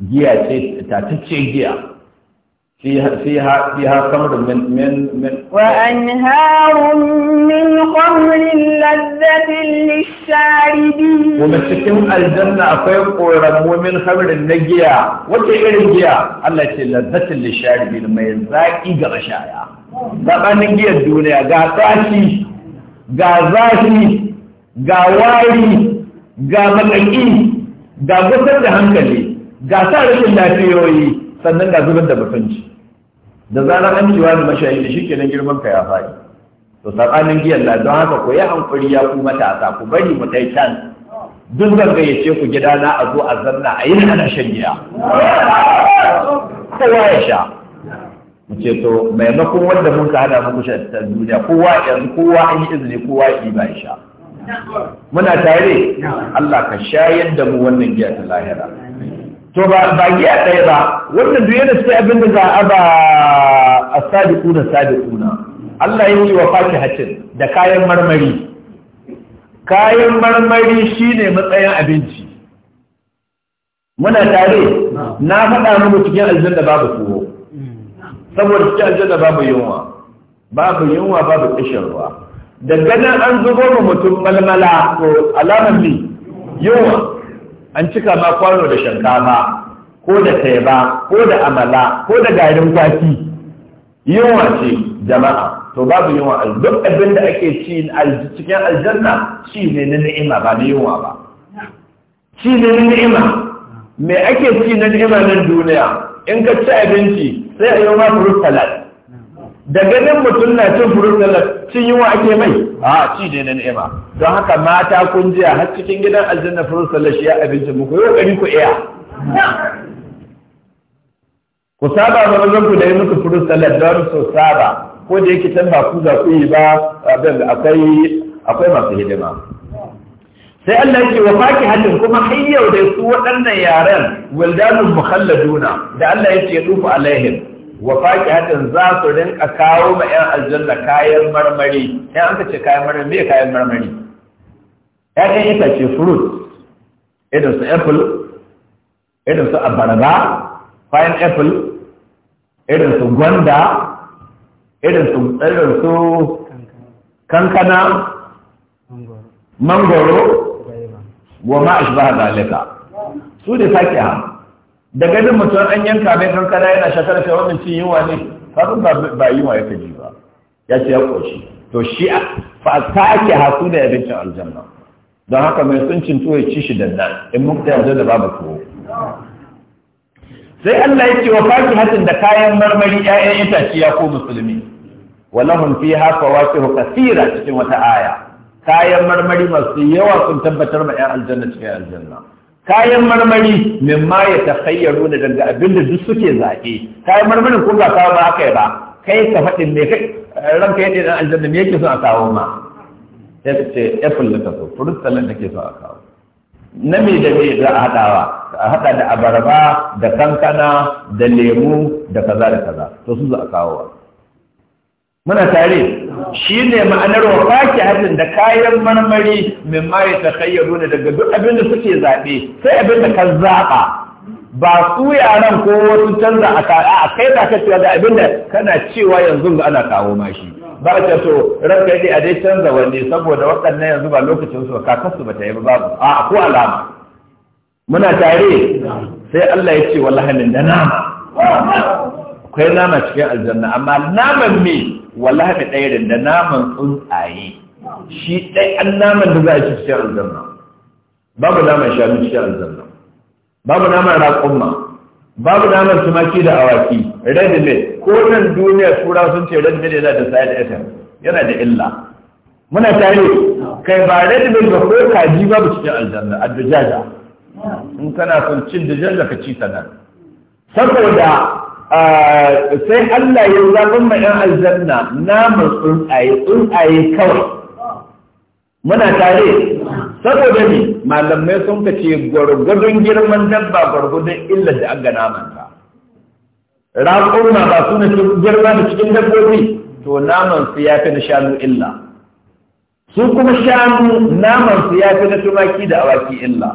giya ce tatacce giya fi ha kamar min min min wa an harun min qamrin ladzatin lishari cikin aljanna akwai koran mu'min na giya Wata irin giya Allah ce ladzatin lishari mai zaƙi ga bashaya gabanin giyar duniya ga tsaki ga zafi ga wari ga makaki ga gusar da hankali ga sa rashin lafiyoyi sannan ga zubin da mutunci da zarar an ciwa da mashayi da nan girman ka ya faɗi to tsakanin giyan na don haka ku yi hankuri ya ku matasa ku bari mu kai can duk zan gayyace ku na a zo a zanna a yi na shan giya kowa ya sha mu ce to maimakon wanda mun ka hada muku shan ta duniya kowa yanzu kowa an yi izini kowa yi ba sha muna tare Allah ka shayar da mu wannan giya ta lahira to ba ba giya ɗaya ba wannan duk yana cikin abin da za a ba a sadiku na Allah ya yi wa faki hacin da kayan marmari kayan marmari shine matsayin abinci muna tare na faɗa muku cikin aljanna babu tuwo saboda cikin aljanna babu yunwa babu yunwa babu kishin ruwa da ganin an zubo mutum malmala ko alamar ne yunwa an cika ma kwano da shankama ko da taiba ko da amala ko da garin kwaki yunwa ce jama'a to babu yunwa duk abin da ake ci cikin aljanna shi ne na ni'ima ba da yunwa ba shi ne na ni'ima me ake ci na ni'ima nan duniya in ka ci abinci sai a yi ma fruit salad da ganin mutum na cin furut salad cin yunwa ake mai a ci ne na ni'ima don haka mata kun jiya har cikin gidan aljanna furut salad shi ya abinci muku yau ku iya ku saba ba mazan ku da yi musu furut da don su saba ko da yake can ba ku za ku yi ba akwai akwai masu hidima sai Allah yake wa fakihatin kuma har yau da su waɗannan yaran wildanul mukhalladuna da Allah yake dufu alaihim wa faqihatin za su rinka kawo ma yan aljanna kayan marmari Ya an kace kayan marmari me kayan marmari ƴaƴan ce fruit Idan su apple idan su abarba apple, idan su gwanda idan su su kankana mangoro wa ma ashbaha dalika su ne faqiha da gadin mutum an yanka mai kankana yana shakar ta wannan cin yunwa ne kafin ba yunwa ya kaji ba ya ce ya koshi to shi fa ta ake hasu da abincin aljanna don haka mai tsuncin tuwo ci shi da nan in muka ta yarda da babu tuwo sai Allah ya ce wa faki hatin da kayan marmari ƴaƴan itace ya ko musulmi walahum fiha fawakihu kathira cikin wata aya kayan marmari masu yawa sun tabbatar ma ƴan aljanna cikin aljanna kayan marmari min ma ya takhayyaru da daga abinda duk suke zaɓe kayan marmarin ko ba kawo ba kai ba kai ka faɗin me kai ka yadda an aljanna me yake so a kawo ma ya ka ce apple da kaso fruit salad da ke so a kawo na me da me za a haɗawa a haɗa da abarba da kankana da lemu da kaza da kaza to su za a kawo muna tare shi ne ma'anar wa faki hatin da kayan marmari mai mai ta kayyaro ne daga duk abin da suke zaɓe sai abin da ka zaɓa ba su yaran ko wasu canza a kai ta ka cewa da abin da kana cewa yanzu ga ana kawo mashi ba ta to ranka yi a dai canza wanne saboda waɗannan yanzu ba lokacin su ka kasu ba ta yi ba babu a ko alama muna tare sai Allah ya ce wallahi da nama akwai nama cikin aljanna amma naman me wallahi da ɗaya da naman tsuntsaye shi ɗai an naman da za a ci cikin aljanna babu naman shanu cikin aljanna babu naman raƙumma babu naman tumaki da awaki red meat ko nan duniya tura sun ce red meat yana da side effect yana da illa muna tare kai ba red meat ba ko kaji babu cikin aljanna addujaja in kana son cin dujaja ka ci sanar saboda sai Allah ya zaɓi ma ‘yan aljanna naman tsuntsaye tsuntsaye kawai muna tare saboda ne malamai sun ka ce gwargwadon girman dabba gwargwadon illar da an ga namanta na ba su na girma da cikin dabbobi to naman su ya fi na shanu illa su kuma shanu naman su ya fi na tumaki da awaki illa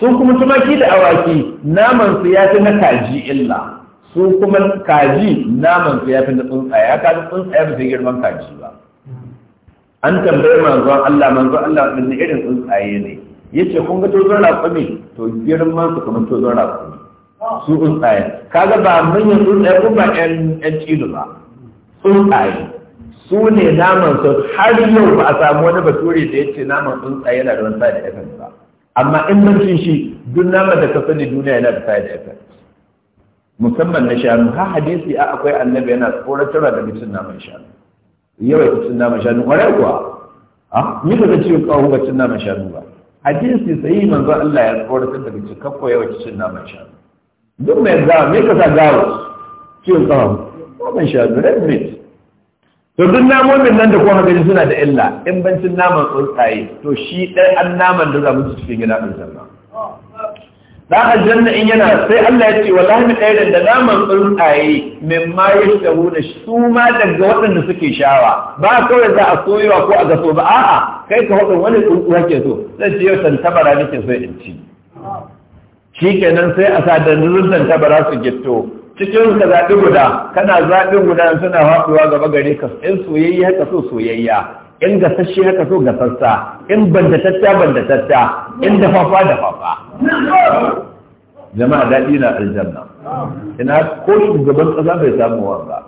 su kuma tumaki da awaki naman su ya fi na kaji illa su kuma kaji naman su ya fi na tsuntsaye ya kaji tsuntsaye ba su girman kaji ba an tambayi manzo, Allah manzo, Allah wani irin tsuntsaye ne yace kun ga tozon raƙumi to girman su kuma tozon raƙumi su tsuntsaye kaga ba manyan tsuntsaye ko ba ɗan ɗan cido ba tsuntsaye su ne naman su har yau ba a samu wani bature da yace naman tsuntsaye yana da wani side da ba amma in mun shi duk naman da ka sani duniya yana da da effect musamman na shanu ha hadisi a akwai annabi yana tsoratarwa da mutum naman shanu yawa mutum naman shanu kwarai kuwa a ah, ni ba zan ce kawo ga cin naman shanu ba hadisi sai manzo Allah ya tsoratar da mutum kakko yawa cin naman shanu duk mai za me ka sa gawo ciwon kawo naman shanu red meat to duk namomin nan da kuma gani suna da illa in bancin naman tsuntsaye to shi ɗan an naman da za mu ci cikin gida ɗin sannan a aljanna in yana sai Allah ya ce wa lahmi ɗaya da naman tsuntsaye min ma shahu na su ma daga waɗanda suke shawa ba kawai za a soyewa ko a gaso ba a'a kai ka hudun wani tsuntsu hake so zan ce yau tantabara nake so in ci Shi kenan sai a sa da tantabara su gitto cikin ka zaɓi guda kana zaɓin guda suna haɗuwa gaba gare ka in soyayya ka so soyayya in gasasshe haka so gasassa in bandatatta bandatatta in dafafa dafafa jama'a daɗi na aljanna ina ko shugaban ƙasa bai samu wanga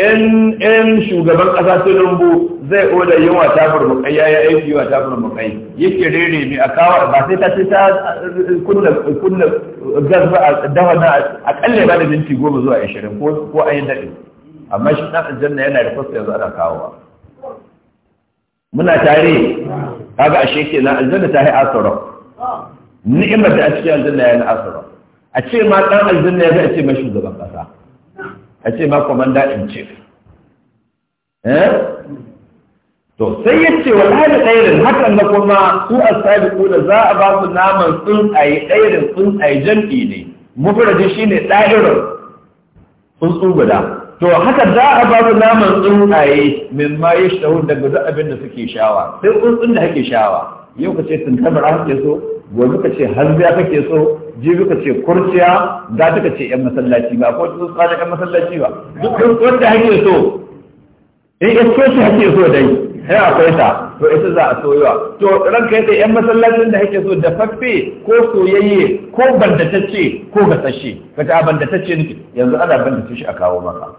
in in shugaban ƙasa tinubu zai oda yawa ta burmukai ya yi aiki yawa ta burmukai yake rere mai a kawo ba sai ta ce ta kunna kunna gas ba a dawa na akalle ba da minti goma zuwa ashirin ko an yi daɗi amma shi ɗan aljanna yana da fasta yanzu ana kawowa muna tare kaga ashe kenan aljanna ta yi asara ni'imar da a cikin aljanna ya na asara a ce ma dan aljanna ya zai ce mai shugaban kasa a ce ma commander in chief eh to sai ya ce wa hada ɗairin hakan na kuma su a asabiku da za a ba su naman tsuntsaye ɗairin tsuntsaye jam'i ne mufradin shine ɗairin tsuntsu guda to haka za a ba su naman tsuntsaye min ma yi shahu daga duk abin da suke shawa sai tsuntsun da kake shawa yau ka ce tuntabar ke so gobe ka ce hanziya kake so jibi ka ce kurciya za ta ka ce yan masallaci ba ko tsuntsa da yan masallaci ba duk tsuntsun da kake so in isko shi kake so dai sai akwai ta to ita za a soyuwa to kai sai yan masallacin da kake so da faffe ko soyayye ko bandatacce ko gasashe ka ta bandatacce nake yanzu ana bandatacce a kawo maka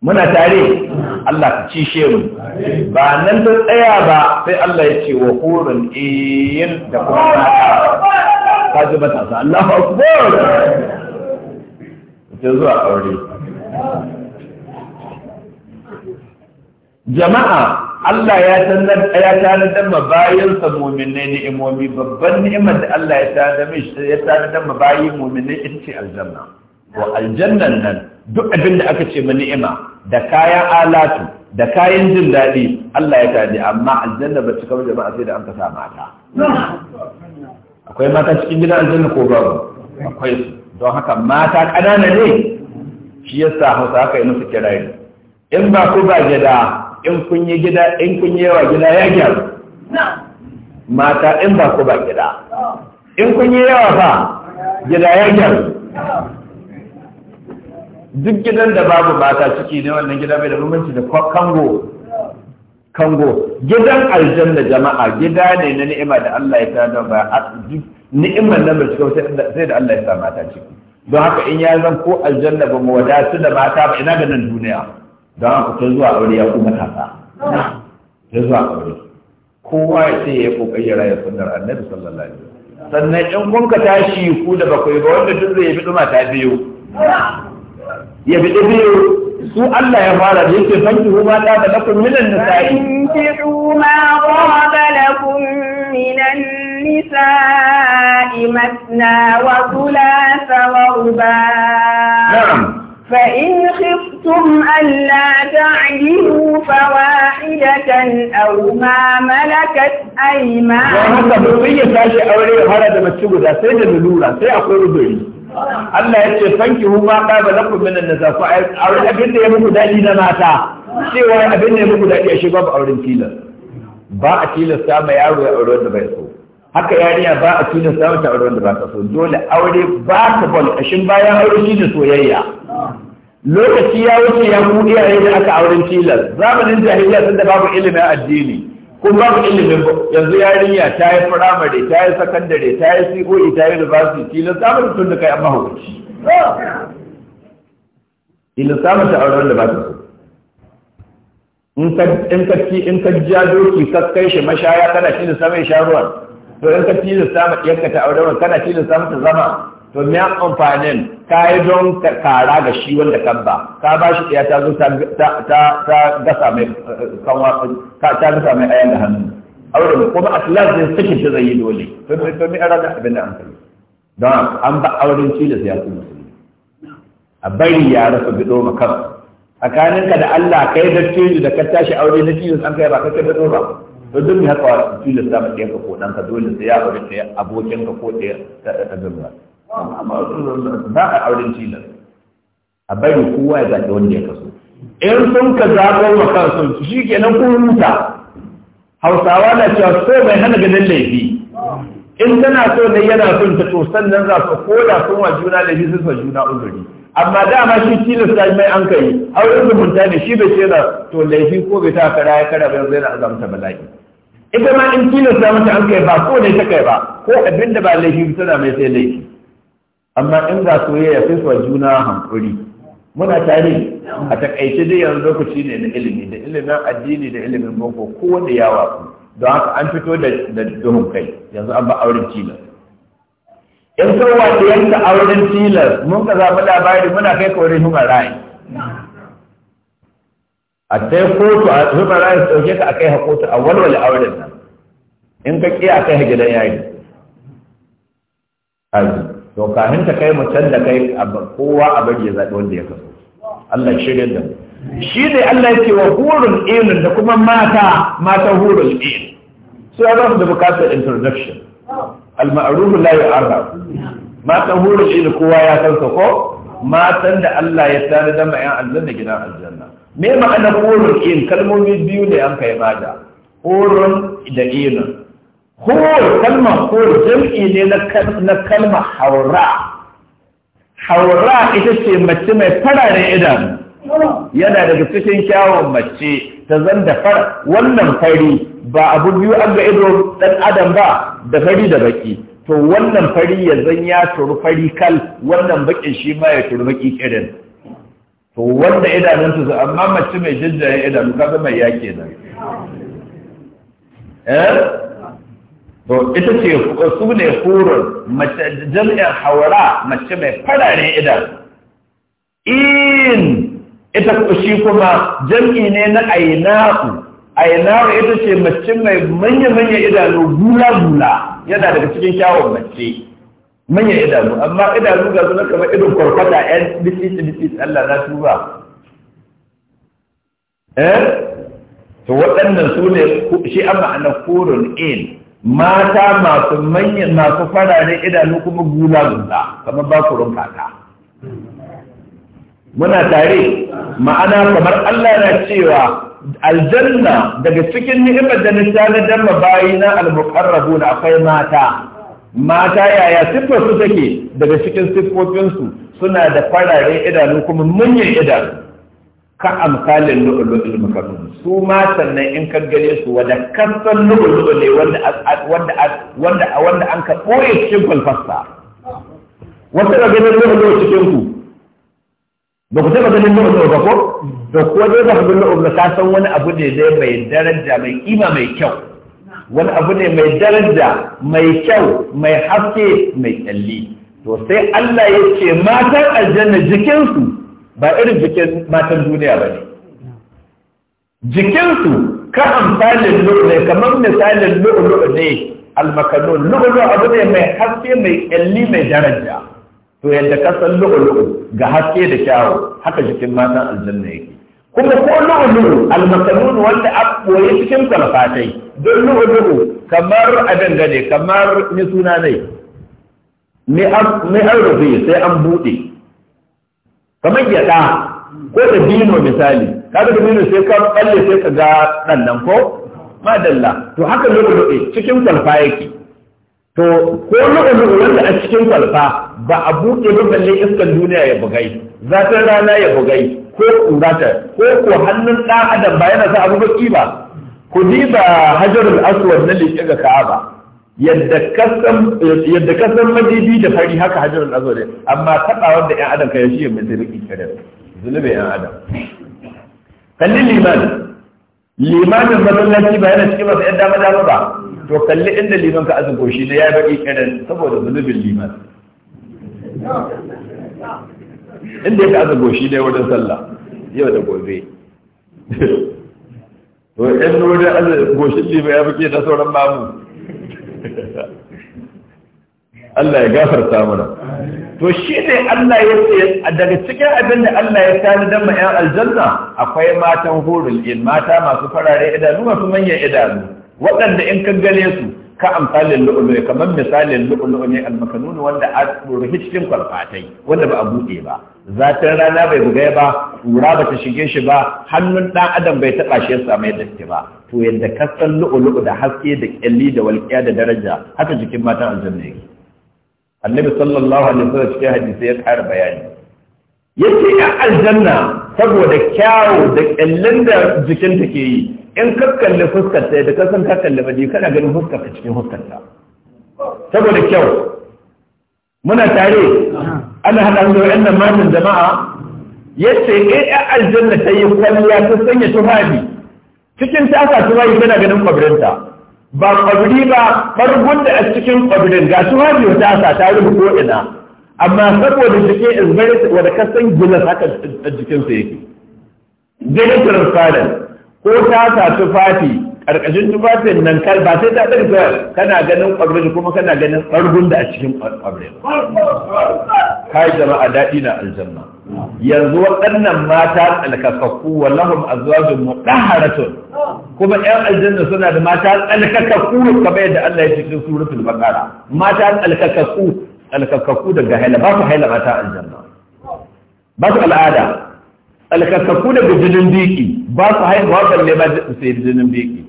muna tare Allah ka cishe mu ba nan da tsaya ba sai Allah ya ce wa horon iyin da kuma mata ka ji matasa Allah akbar ta zuwa aure jama'a Allah ya sanar ya tanadar ma bayan sa mu'minai ni'imomi babban ni'imar da Allah ya tanadar mishi ya tanadar ma bayin mu'minai ita ce aljanna wa aljannan nan duk abin da aka ce ima da kayan alatu da kayan jin daɗi Allah ya kaji amma aljanna ba cika jama'a sai da an kasa mata akwai mata cikin gidan aljanna ko babu akwai su don haka mata ƙanana ne shi ya sa hausa haka yi musu yi in ba ku ba gida in kun yi gida in kun yi yawa gida ya gyaru mata in ba ku ba gida in kun yi yawa ba gida ya gyaru duk gidan da babu mata ciki ne wannan gida bai da bambanci da kango kango gidan aljanna jama'a gida ne na ni'ima da Allah ya tada ba ni'imar nan bai cika sai da Allah ya sa mata ciki don haka in ya zan ko aljanna ba mu wadatu da mata ba ina ga nan duniya don haka ta zuwa aure ya kuma tasa ta zuwa aure kowa ya ce ya kokari ya raya sunnar annabi sallallahu alaihi wasallam sannan in kun ka tashi ku da bakwai ba wanda duk zai yi biduma ta biyu ya bi biyu su Allah ya fara da yake fankihu ma da lakum minan nisa'i fankihu ma da lakum minan nisa'i masna wa thulatha wa ruba' فإن خفتم ألا تعجلوا فواحدة أو ما ملكت أيمانكم. وهذا بقية ساشي أولي هذا ما تشوفه ده سيد اللورة سيأخذ ذري. Allah ya ce fanki hu ma ka ba lakum minan nisa ku aure abin da ya muku daɗi na mata cewa abin da ya muku daɗi a shi babu auren tilas ba a tilasta ma yaro ya aure wanda bai so haka yariya ba a tilasta mata aure wanda ba ta so dole aure ba ta bol kashin bayan aure shi da soyayya lokaci ya wuce ya buɗe a da aka auren tilas zamanin jahiliya sun da babu ilimin addini kun babu ilimin yanzu yarinya ta yi firamare ta yi sakandare ta yi coe ta yi university tilin samun tun da kai amma hukunci tilin samun ta auren da ba ta so in ka ci in ka ja doki ka kai shi mashaya kana tilin samun ya to in ka tilin samun yanka ta auren kana tilin samun ta zama to me an amfanin ka yi don kara ga shi wanda kan ba ka ba shi ɗaya ta zo ta gasa mai kanwa ta gasa mai ayan da hannu auren kuma asilas ne sakin shi zai yi dole to me an rana abin da an kai don an ba auren ci da siyasa musulmi a bari ya rasa bido ma kan ka da Allah kai da tuyu da ka tashi aure na tilas an kai ba ka kai da ba to duk ne haka tilas da mutum ka ko ka dole sai ya aure abokinka ko ɗaya ta ɗaga ba a auren tilas a bari kowa ya zaɓi wanda ya kaso in sun ka zaɓo wa kansu shi kenan kun huta hausawa na cewa so mai hana ganin laifi in tana so ne yana son ta to sannan za su koda sun wa juna laifi sun wa juna uzuri amma dama shi tilasta mai an kai auren zumunta ne shi bai ce na to laifi ko bai ta kara ya kara bai zai na azamta bala'i ita ma in tilasta mata an kai ba ko ne ta kai ba ko abinda ba laifi tana mai sai laifi amma in ga soyayya sai su juna hankuri muna tare a takaice dai yanzu lokaci ne na ilimi da ilimin addini da ilimin boko kowanne ya wafu don haka an fito da duhun kai yanzu an ba auren tilas in kan wata yanka auren tilas mun ka zaɓi labari muna kai kawai human rai a sai kotu a human rai su ɗauke ka a kai hakotu a walwale auren nan in ka ƙi a kai ha gidan azu to kamin ka kai mutum da kai kowa a bari ya zaɓi wanda ya kaso Allah shirya da mu shi ne Allah yake wa hurun ilin da kuma mata mata hurun ilin su ya da bukatar introduction al-ma'ruf la yu'arraf mata hurun ilin kowa ya san su ko matan da Allah ya tare da ma'an aljanna gidan aljanna me ma'ana hurun ilin kalmomi biyu ne an kai bada? hurun da ilin kowar kalma ko jam'i ne na kalma haura haura ita ce mace mai fararen idanu yana daga cikin kyawun mace ta zanda far wannan fari ba abu biyu an ga ido dan adam ba da fari da baki to wannan fari ya zan ya turu fari kal wannan bakin shi ma ya turu baki kirin to wanda idanun su amma mace mai jinjayen idanu kaga mai yake nan eh to ita ce su ne hurun mace haura mace mai fararen idan in ita shi kuma jam'i ne na aina'u aina'u ita ce mace mai manya-manya idanu gula-gula yana daga cikin kyawun mace manyan idanu amma idanu ga suna kama idan kwarkwata yan bisi-bisi Allah na tuba eh to waɗannan su ne shi amma ana kurun in mata masu manyan masu fararen idanu kuma gula gula kamar bakurun ta muna tare ma'ana kamar Allah na cewa aljanna daga cikin ni'imar da nisani dan mabayi na almuqarrabu na akwai mata mata yaya sifo su take daga cikin siffofinsu suna da fararen idanu kuma manyan idanu ka amsalin lu'ulu'ul makarun su ma sannan in ka gare su wanda kasan lu'ulu'u ne wanda wanda an ka ɓoye cikin kwalfasta wasu ga ganin lu'ulu'u cikin ku ba ku taɓa ganin lu'ulu'u ba ko da kuwa dai ba ku ganin lu'ulu'u ka san wani abu ne zai mai daraja mai kima mai kyau wani abu ne mai daraja mai kyau mai haske mai kyalli to sai Allah ya ce matan aljanna jikinsu ba irin jikin matan duniya ba ne jikinsu ka amfani lu'ulu ne kamar misalin lu'ulu ne almakano lu'ulu abu ne mai haske mai kyalli mai daraja to yadda ka san lu'ulu ga haske da kyawu haka jikin matan aljanna yake kuma ko lu'ulu almakano wanda a koyi cikin kwalfatai don lu'ulu kamar abin gane kamar ni suna ne ni an rufe sai an buɗe kamar gyaɗa ko da dino misali kaga da dino sai ka balle sai ka ga ɗan nan ko madalla to haka lulu cikin kwalfa yake to ko lulu wanda a cikin kwalfa ba a buɗe ba balle iskan duniya ya bugai zatar rana ya bugai ko kurata ko ko hannun ɗan adam ba yana sa abu baki ba ku ba hajarul aswad na liƙe ga ba. yadda kasan madibi da fari haka hajjar al'azwar ne amma taɓawar da 'yan adam ka yashi mai zai baki kare zulubin 'yan adam kalli limanin limanin masallaci ba yana cikin masu 'yan dama dama ba to kalli inda liman ka azin goshi da ya yi baki kare saboda zulubin liman inda ya ka azin goshi da wajen sallah yau da gobe to ɗan wajen azin goshin liman ya fi baki da sauran mamu Allah ya gafarta mana to shi ne Allah ya ce daga cikin abin da Allah ya tani don ma ƴan aljanna akwai matan hurul in mata masu farare idanu masu manyan idanu waɗanda in ka gane su ka amsalin lu'ulu kamar misalin lu'ulu ne almakanun wanda a rufe cikin kwalfatai wanda ba a buɗe ba zatan rana bai buga ba ƙura ba ta shige shi ba hannun ɗan adam bai taɓa shi ya samu yadda ba to yadda kasan lu'ulu da haske da kyalli da walƙiya da daraja haka jikin matan aljanna yake annabi sallallahu alaihi wasallam cikin hadisi ya ƙara bayani yace ya aljanna saboda kyawu da kyallin da jikinta ke yi in ka kalli fuskar ta da kasan ka kalli baji kana ganin fuskar ta cikin fuskar ta saboda kyau muna tare ana hada 'yan matan jama'a yace eh 'Yan aljanna ta yi kwalliya ta sanya tufafi cikin tasa tufafi kana ganin kwabrinta ba kabri ba bargun da a cikin kwabrin ga tufafi ta asa ta rubu ko ina amma saboda jike is very wanda kasan gina haka jikinsa yake gina fadar. ko ta sa tufafi ƙarƙashin tufafin nan kal ba sai ta ɗarka kana ganin ƙwabre kuma kana ganin ɓargun da a cikin ƙwabre kai jama'a daɗi na aljanna yanzu waɗannan mata tsalkakakku wallahum azwajun mutahharatun kuma ƴan aljanna suna da mata tsalkakakku kamar yadda Allah ya cikin suratul baqara mata tsalkakakku tsalkakakku daga haila ba su haila mata aljanna ba su al'ada tsalkakakku daga jinin biki ba su haihuwa balle ba su sai jinin biki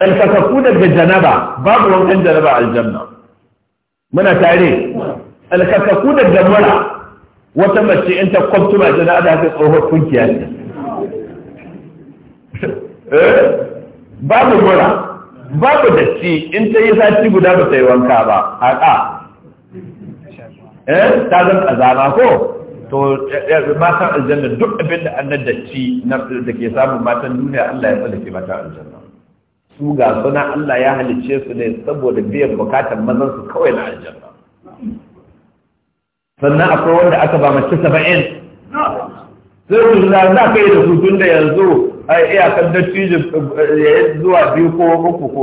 tsalkakakku daga janaba babu wankan janaba aljanna muna tare tsalkakakku daga mura wata mace in ta kwamtu ba jana da haka tsohon kunkiya ne eh? babu mura babu datti in ta yi sati guda ba ta yi wanka ba a eh? ta zan ƙazama ko to matan aljanna duk abin da annan datti da ke samun matan duniya Allah ya tsallake matan aljanna su ga suna Allah ya halicce su ne saboda biyan bukatar mazan su kawai na aljanna sannan akwai wanda aka ba mace saba'in sai su za za ka yi da su tun da yanzu a iyakar da ya eh, zuwa biyu ko uku ko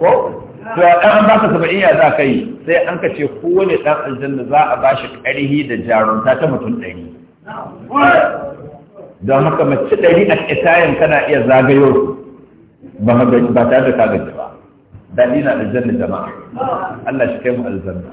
ko to a ɗan an baka saba'in ya za ka yi sai an ka ce kowane ɗan aljanna za a bashi ƙarhi da jarumta ta mutum ɗari don haka mace ɗari a ƙitayen kana iya zagayo su ba tare da ka gaji ba daɗi na aljanna jama'a Allah shi kai mu aljanna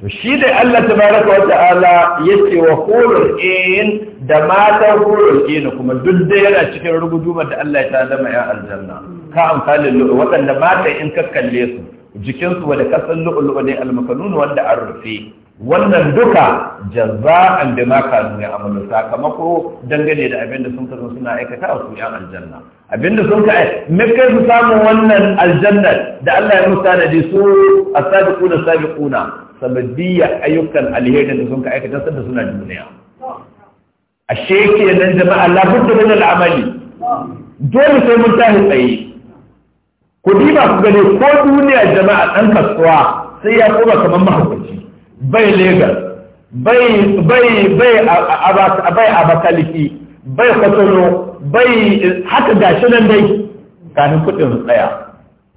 to shi dai Allah Ta baraka wa ta'ala ce wa hulul in da matar hulul in kuma duk dai yana cikin rugudumar da Allah ya ta zama ya aljanna ka amfani lu'u waɗanda mata in ka kalle su jikinsu wanda kasan lu'u ne almakanun wanda an rufe wannan duka jaza'an bi ma kanu ya amalu sakamako dangane da abinda sun kazo suna aikata a su yan aljanna Abinda sun kai me kai su samu wannan aljanna da Allah ya musa da su as-sabiquna sabiquna sabadiyya ayyukan alheri da sun ka aikata sanda suna duniya ashe kenan jama'a la budda min al'amali? dole sai mun tahi tsaye ku diba ku gane ko duniya jama'a ɗan kasuwa sai ya koma kamar mahaukaci bai legas bai bai bai bai abakaliki bai kwatano bai haka gashi nan dai kafin kuɗin tsaya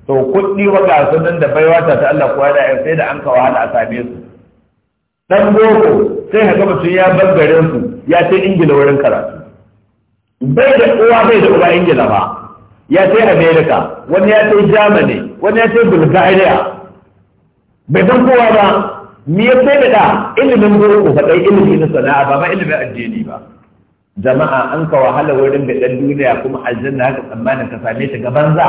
to kuɗi wa gasu nan da baiwa ta ta Allah kuwa da sai da an kawo hana a same su dan boko sai ka sun ya bar garin su ya ce ingila wurin karatu bai da uwa bai da uba ingila ba ya ce Amerika wani ya ce germany wani ya ce bulgaria bai san kowa ba me ya sai da ilimin boko fa dai ilimi na sana'a ba ma ilimin addini ba jama'a an ka wahala wurin da dan duniya kuma aljanna haka tsammanin ka same ta gaban za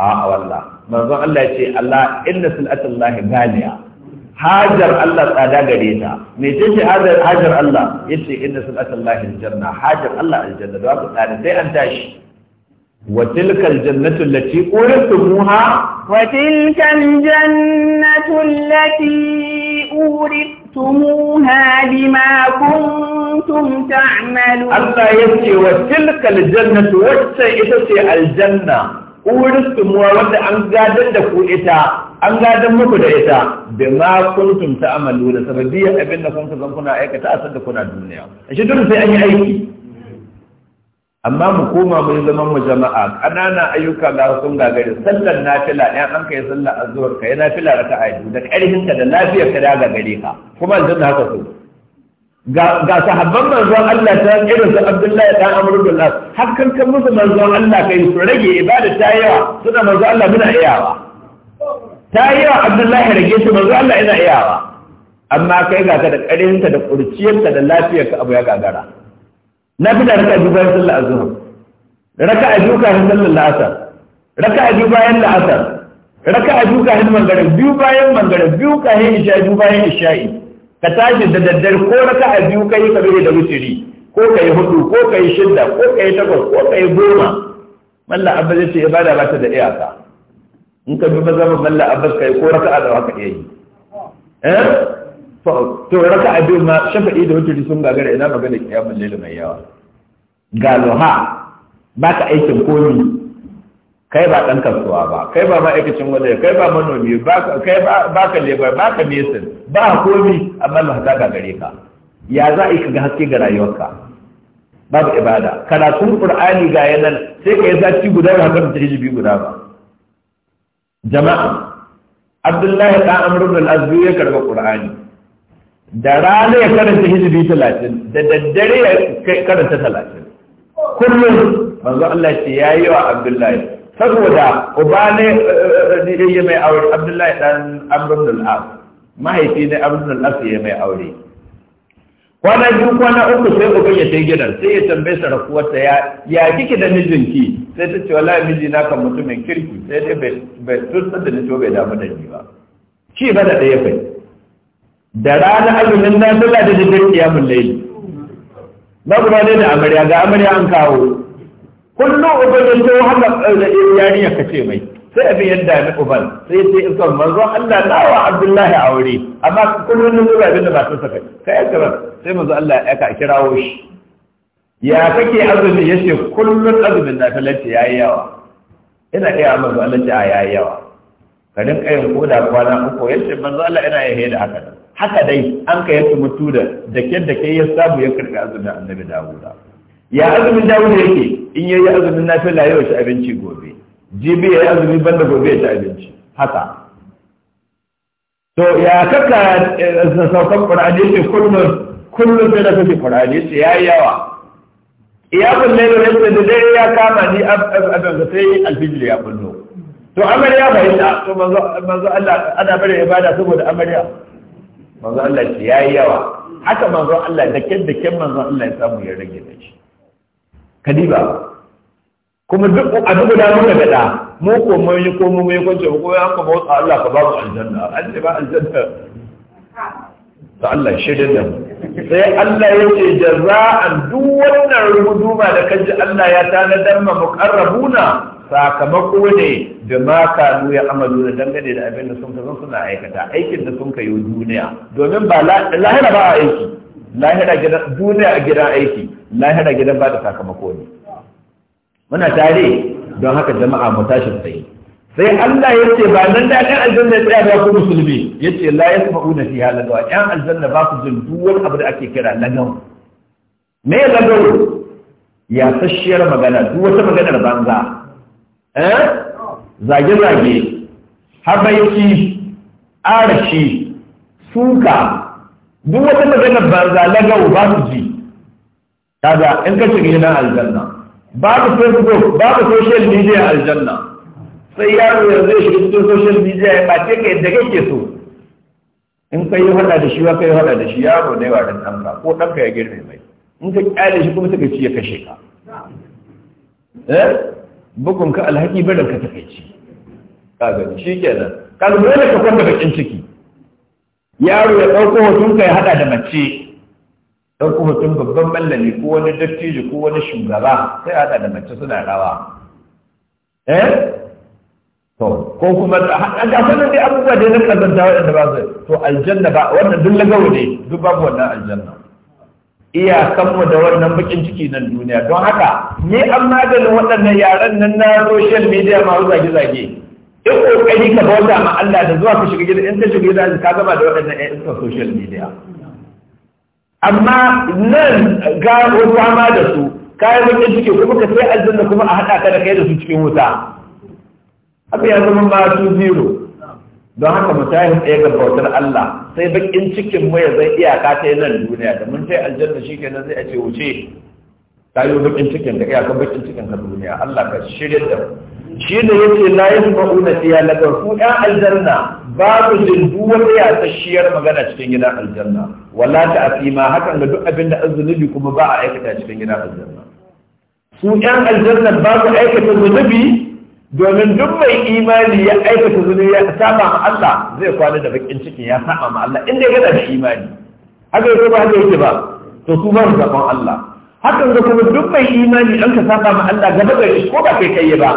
a wallah manzon Allah ya ce Allah inna salatullahi galiya hajar Allah tsada gare ta me ce ce hajar Allah yace inna salatullahi aljanna hajar Allah aljanna da haka tsada sai an tashi وتلك الجنة التي أورثتموها وتلك الجنة التي أورثتموها بما كنتم تعملون الله يسي وتلك الجنة وتسي الجنة أورثتموها وأن قادتكم إتا an gadon muku da ita bi ma kuntum ta'malu da sababiyar abin da kun zan kuna aikata a sanda kuna duniya ashe dole sai an yi aiki amma mu koma mu zama mu jama'a ƙanana ayyuka ga sun gagari sallar nafila ɗaya an kai sallar azzuwar ka yana fila raka a da ƙarfin ka da lafiyar ka da gagare ka kuma aljanna haka so ga sahabban manzon Allah ta irin su Abdullahi dan Amr bin Nas hakan kan musu manzon Allah kai su rage ibada ta yawa suna manzon Allah muna iyawa ta yawa Abdullahi rage su manzon Allah ina iyawa amma kai ga ka da ƙarfin ka da kurciyar ka da lafiyar ka abu ya gagara na fi da raka biyu bayan sallar azhar raka a biyu kafin sallar la'asar raka a biyu bayan la'asar raka a biyu kafin biyu bayan mangare biyu kafin isha biyu bayan isha'i ka tashi da daddare ko raka a biyu kai ka da wuturi ko ka yi hudu ko ka yi shidda ko ka yi takwas ko ka yi goma mallan abbas ya ce ibada ba ta da iyaka in ka bi maza mallan abbas ka yi ko raka a da haka iya yi eh? to raka abin ma shafa'i da wuturi sun gagara ina magana kiyamun lele mai yawa ga loha ba ka aikin komi kai ba ɗan kasuwa ba kai ba ma'aikacin waje kai ba manomi kai ba ka lebar ba ka mesin ba komi amma mahata ga gare ka ya za a yi ka ga haske ga rayuwarka babu ibada karatun qur'ani ga yanan sai ka yi zaci guda ba ka ta hijibi guda ba jama'a abdullahi ɗan amr ibn azbi ya karba qur'ani da rana ya karanta hizbi talatin da daddare ya karanta talatin kullum manzo Allah ce ya yi wa Abdullahi saboda uba ne eh, eh, eh, ya mai aure Abdullahi dan Amrul As mahaifi ne Amrul As ya mai aure kwana biyu kwana uku sai uban ya sai gidan sai ya tambaye sarakuwarta ya ya kike da mijinki sai ta ce wallahi miji na kan mutumin kirki sai dai bai bai tutsa da ni to bai damu da ni ba ci ba da ɗaya bai da rana azumin nafila da jikin kiyamun laili babu ne da amarya ga amarya an kawo kullum uban ya ce haka da iyari ya kace mai sai abin yadda ni uban sai sai in son manzo Allah nawa Abdullahi aure amma kullum ne zuwa abin da ba sun saka kai ka sai manzo Allah ya ka kirawo shi ya kake azumi yace kullum azumin nafila ce yayi yawa ina iya manzo Allah ce a yayi yawa ka rinka yin koda kwana uku yace manzo Allah ina yahe da haka haka dai an ka yake mutu da dake da ke ya samu ya karka azumin annabi dawuda ya azumin dawuda yake in ya yi azumin nafila yau shi abinci gobe jibi ya yi azumi banda gobe ya ci abinci haka to ya kaka eh, saukan ƙur'ani yake kullum kullum da kake ƙur'ani yace ya yi yawa ya ne da yake da dai ya kama ni abin da sai alfijir ya kullo to amarya bai ta to manzo manzo Allah ana bare ibada saboda amarya manzo Allah ce yi yawa haka manzo Allah da kyan da kyan manzo Allah ya samu ya rage da shi kadiba kuma duk a duk da mun ga da mu ko mun yi ko mun yi ko ce ko an ka bauta Allah ka ba mu aljanna Allah ba aljanna ta Allah shi da nan sai Allah ya ce jazaa'an duk wannan rubutu ba da kaji Allah ya tanadar ma muqarrabuna sakamako ne da maka kanu ya amalu da dangane da abin da sun ka zan suna aikata aikin da sun yi duniya domin ba lahira ba a aiki lahira gidan duniya a gidan aiki lahira gidan ba da sakamako ne muna tare don haka jama'a mu tashi sai. sai Allah ya ce ba nan da kan aljanna tsaya ba ku musulmi ya ce la yasma'una fiha wa ɗan aljanna ba su jin duk wani abu da ake kira lagawa me lagawa ya tashiyar magana duk wata maganar banza eh zage-zage habaiki arashi suka duk wata magana a lagau ba su ji kaga in ka shiga yana aljanna Ba su facebook ba su social media aljanna sai yaro ya zai shiga cikin social media ya bace ka yadda kake so in ka yi hada da shi wa yi hada da shi yaro ne wa dan ɗanka ko ɗanka ya girme mai in ka ƙyale shi kuma suka ci ya kashe ka eh bugun ka alhaki barin ka takaici ka ga shi kenan ka dole ka kwanta bakin ciki yaro ya dauko hoton ka ya haɗa da mace dauko hoton babban mallami ko wani dattijo ko wani shugaba sai haɗa da mace suna rawa eh to ko kuma a ga sanin dai abubuwa da na kazanta da ba su to aljanna ba wannan dun lagawo ne duk babu wannan aljanna iyakanmu da wannan bakin ciki nan duniya don haka ni an maganin waɗannan yaren nan na social media masu zage-zage in kokari ka bauta ma Allah da zuwa ka shiga gida in ka shiga gida ka zama da waɗannan ƴan iska social media amma nan ga wata ma da su kayan bakin ciki kuma ka sai aljanna kuma a haɗa ka da kai da su cikin wuta haka ya zama ma su zero don haka mu ɗaya ga bautar Allah sai bakin cikin mu ya zai iyaka ta nan duniya da mun sai aljanna shi kenan zai a ce wuce yi bakin cikin da iyaka bakin cikin ka duniya Allah ka shirye da shi ne yace la na fiya lagar su ya aljanna ba babu jin duk wata shiyar magana cikin gidan aljanna wala ta asima hakan da duk abin da azunubi kuma ba a aikata cikin gidan aljanna su ƴan aljanna ba su aikata zunubi domin duk mai imani ya aikata zunubi ya saba ma Allah zai kwana da bakin ciki ya saba ma Allah inda yana da imani haka yake ba haka yake ba to su ba zaban Allah hakan ga kuma duk mai imani an ka saba ma Allah gaba shi ko ba kai kai ba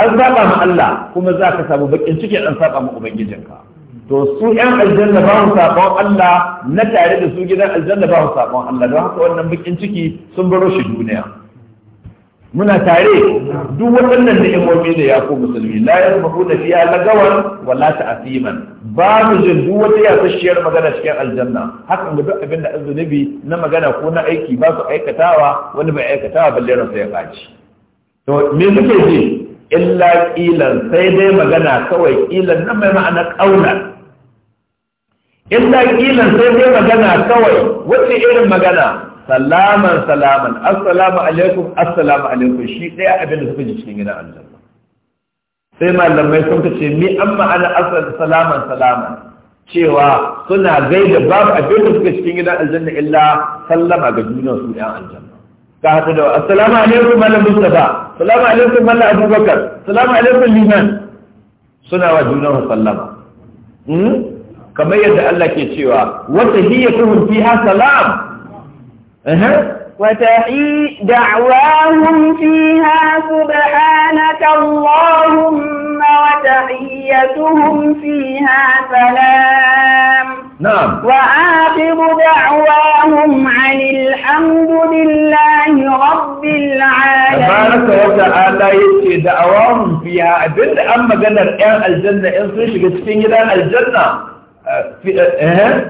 an saba ma Allah kuma za ka samu bakin ciki an saba ma ubangijinka to su ƴan aljanna ba mu sabon Allah na tare da su gidan aljanna ba mu sabon Allah don haka wannan bakin ciki sun baro shi duniya muna tare duk waɗannan ni'imomi da ya ko musulmi la yarbu da fiya lagawan wala ta'asiman ba mu jin duk wata yasasshiyar magana cikin aljanna haka ga duk abin da azunubi na magana ko na aiki ba su aikatawa wani bai aikatawa balle ransa ya baci to me muke ji illa qilan sai dai magana kawai qilan nan mai ma'ana qaula illa ƙilan sai dai magana kawai wacce irin magana salaman salaman assalamu alaikum assalamu alaikum shi ɗaya abin da suka ji cikin gidan Allah sai malamai sun ce mi an ma'ana asal salaman salaman cewa suna gaida babu abin da suka cikin gidan aljanna illa sallama ga juna su ɗan aljanna ka haɗu da assalamu alaikum malam mustafa assalamu alaikum malam abubakar assalamu alaikum liman suna wa junan sallama hmm? kamar yadda Allah ke cewa wata hiya tuhum fiha salam أه. وتحي دعواهم فيها سبحانك اللهم وتحيتهم فيها سلام نعم وآخر دعواهم عن الحمد لله رب العالمين تبارك وتعالى يتي دعواهم فيها أبن أما قال أن الجنة إن صيش قد الجنة آه، في أه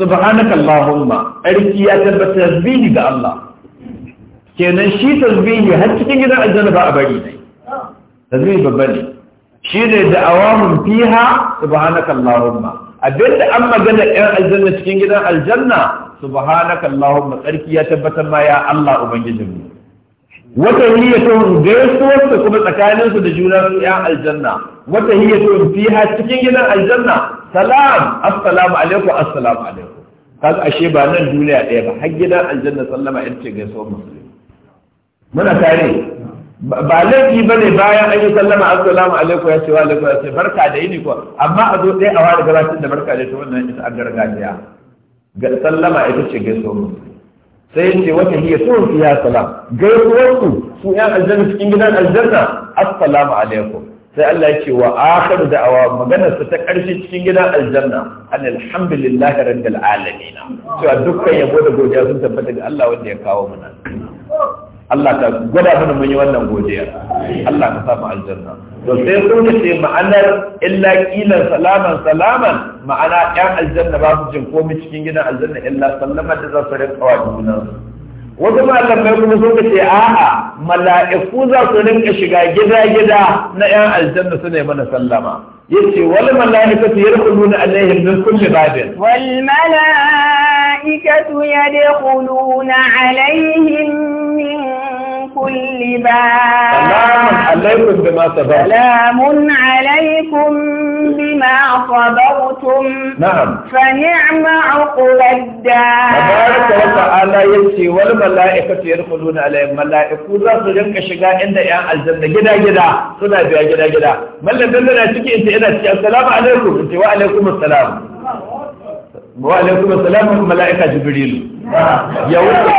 subhanaka allahumma arki ya tabbata tasbihi ga Allah kenan shi tasbihi har cikin gidan aljanna ba a bari ne tasbihi babba ne shi ne da awamun fiha subhanaka allahumma abinda an magana ɗan aljanna cikin gidan aljanna subhanaka allahumma tsarki ya tabbatar ma ya Allah ubangijinmu wata hiyyatun gaisuwarsu kuma tsakaninsu da juna su ya aljanna wata hiyyatun fiha cikin gidan aljanna salam assalamu alaikum assalamu alaikum kaga ashe ba nan duniya ɗaya ba har gidan aljanna sallama ita ce gaisuwar musulmi muna tare ba laifi ba ne bayan an yi sallama assalamu alaikum ya ce wa alaikum ya ce barka da yini ko amma a zo ɗaya a wani gabatar da barka da ta wannan ita an gargajiya sallama ita ce gaisuwar musulmi sai yace wata hiya sun ya salam gaisuwarsu su yan aljanna cikin gidan aljanna assalamu alaikum sai Allah ya ce wa akhir da'awa maganar sa ta karshe cikin gidan aljanna alhamdulillahi rabbil alamin to dukkan yabo da godiya sun tabbata ga Allah wanda ya kawo mu nan Allah ta gwada mana mun yi wannan godiya Allah ka sa mu aljanna to sai sun ce ma'anar illa qilan salaman salaman ma'ana ƴan aljanna ba su jin komai cikin gidan aljanna illa sallama da za su rinka wa juna wasu malamai kuma sun ce a'a mala'iku za su rinka shiga gida gida na ƴan aljanna su ne mana sallama yace wal mala'ikatu yarquluna alaihim min kulli babin wal mala'ikatu الملائكة يدخلون عليهم من كل باب سلام عليكم بما صبرتم سلام عليكم بما صبرتم نعم فنعم عقل الدار تبارك وتعالى يسي والملائكة يدخلون عليهم ملائكة ذا سجن كشغا عند يا الجنة جدا جدا سنا بيا جدا جدا من لم يكن سكي انت السلام عليكم انت وعليكم السلام wa alaikum assalam malaika jibril ya wuce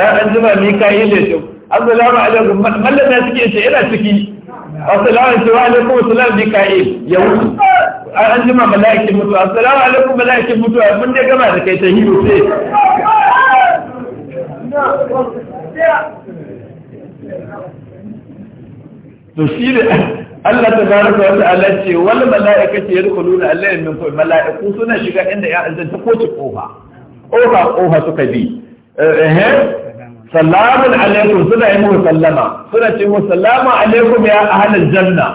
ya an zuba mika'il ya ce assalamu alaikum mallaka suke ce ina ciki assalamu alaikum assalam mika'il ya wuce an jima mala'ikin mutu assalamu alaikum mala'ikin mutu mun da gama da kai ta hiyo ce to shi ne Allah ta baraka wa ta'ala ce wal mala'ikatu yadkhuluna alayhim min kulli mala'iku suna shiga inda ya azanta ko ci kofa kofa kofa suka bi salamun alaikum suna yi mu sallama suna ce mu salamu alaikum ya ahlal janna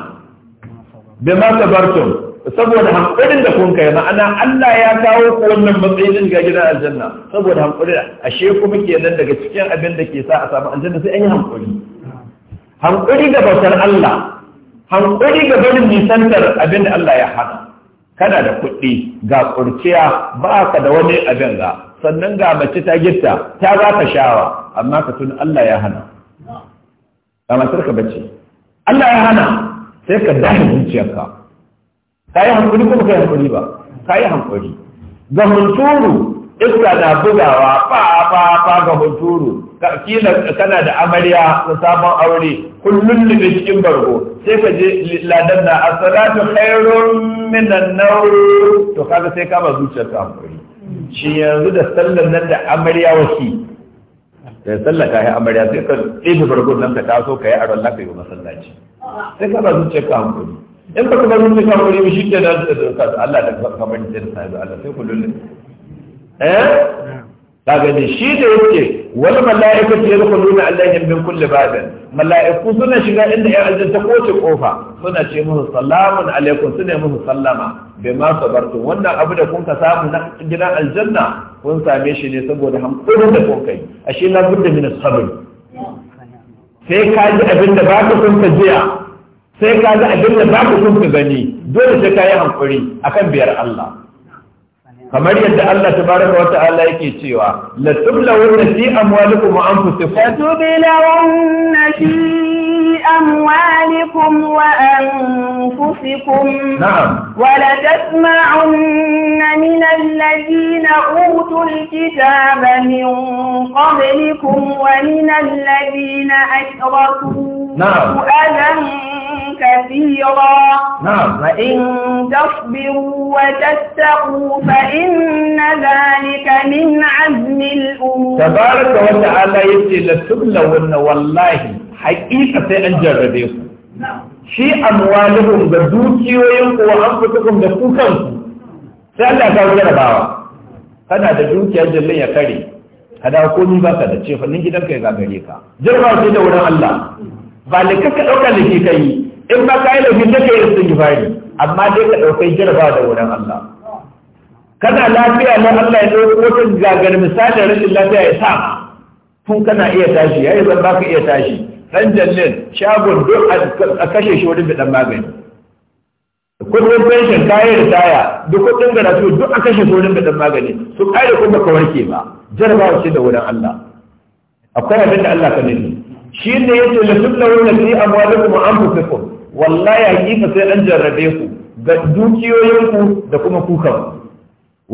bima sabartum saboda hankulin da kun kai ma'ana Allah ya kawo ku wannan matsayin ga gidan aljanna saboda hankulin ashe kuma kenan daga cikin abin da ke sa a samu aljanna sai an yi hankuli hankuli da bautar Allah hankali ga barin nisantar abin da Allah ya hana kana da kuɗi ga kurciya ba ka da wani abin ga sannan ga mace ta girta ta za ka shawa amma ka tuni Allah ya hana ga matar ka bace Allah ya hana sai ka dahi zuciyarka ka yi hankali kuma ka yi hankali ba ka yi hankali ga hunturu iska na bugawa ba ba ba ga hunturu kila kana da amarya da sabon aure kullum da cikin bargo sai ka je ladan na a salatu khairun min an to kaga sai ka ba zuciyar ka amfani shi yanzu da sallar nan da amarya wasi da sallar ka yi amarya sai ka tsibi farko nan ka taso ka yi aron laka yi masallaci sai ka ba zuciyar ka amfani in ba ka ba zuciyar ka amfani shi ke da Allah da kamar da sai Allah sai ku lullu. eh kaga ne shi da yake wal mala'ikatu yadkhuluna alaihim min kulli bab mala'iku suna shiga inda ya aljanna ta koce kofa suna ce musu salamun alaikum suna musu sallama bai bima sabartu wannan abu da kun ka samu na gidan aljanna kun same shi ne saboda hankulin da kun kai ashe na budda min sabr sai ka ji abin da baka kun ka jiya sai ka ji abin da baka kun gani dole sai ka yi hankuri akan biyar Allah kamar yadda Allah tabaraka wa ta'ala yake cewa la tublawunna fi amwalikum wa anfusikum la tublawunna fi amwalikum wa anfusikum na'am wa la tasma'unna min alladhina utul kitaba min qablikum wa min alladhina ashraku na'am adan كثيرا نعم وإن تصبروا وتتقوا فإن إن ذلك من عزم الأمور تبارك وتعالى يتي لتبلون والله حقيقة أن جربيكم shi amwalihum da dukiyoyin ku wa anfusukum da ku sai Allah ya kawo jarabawa kana da dukiyar jallin ya kare kada komi ba ka da ce fannin gidanka ya gagare ka jarabawa da wurin Allah ba da kaka dauka da ke kai in ba ka yi lafi take yin sun yi fari amma dai ka daukai jarabawa da wurin Allah kana lafiya na Allah ya dauki wata gagar misalin rashin lafiya ya sa tun kana iya tashi yayi yi baka iya tashi Dan jallin shagon duk a kashe shi wurin biɗan magani kudin pension kayan ritaya duk kudin garatu duk a kashe su wurin biɗan magani su kare kuma ka warke ba jarabawa ce da wurin Allah akwai abin da Allah ka nufi shi ne ya ce la tunna wani fi amwalikum wa anfusikum wallahi fa sai an jarrabe ku ga dukiyoyinku da kuma kukan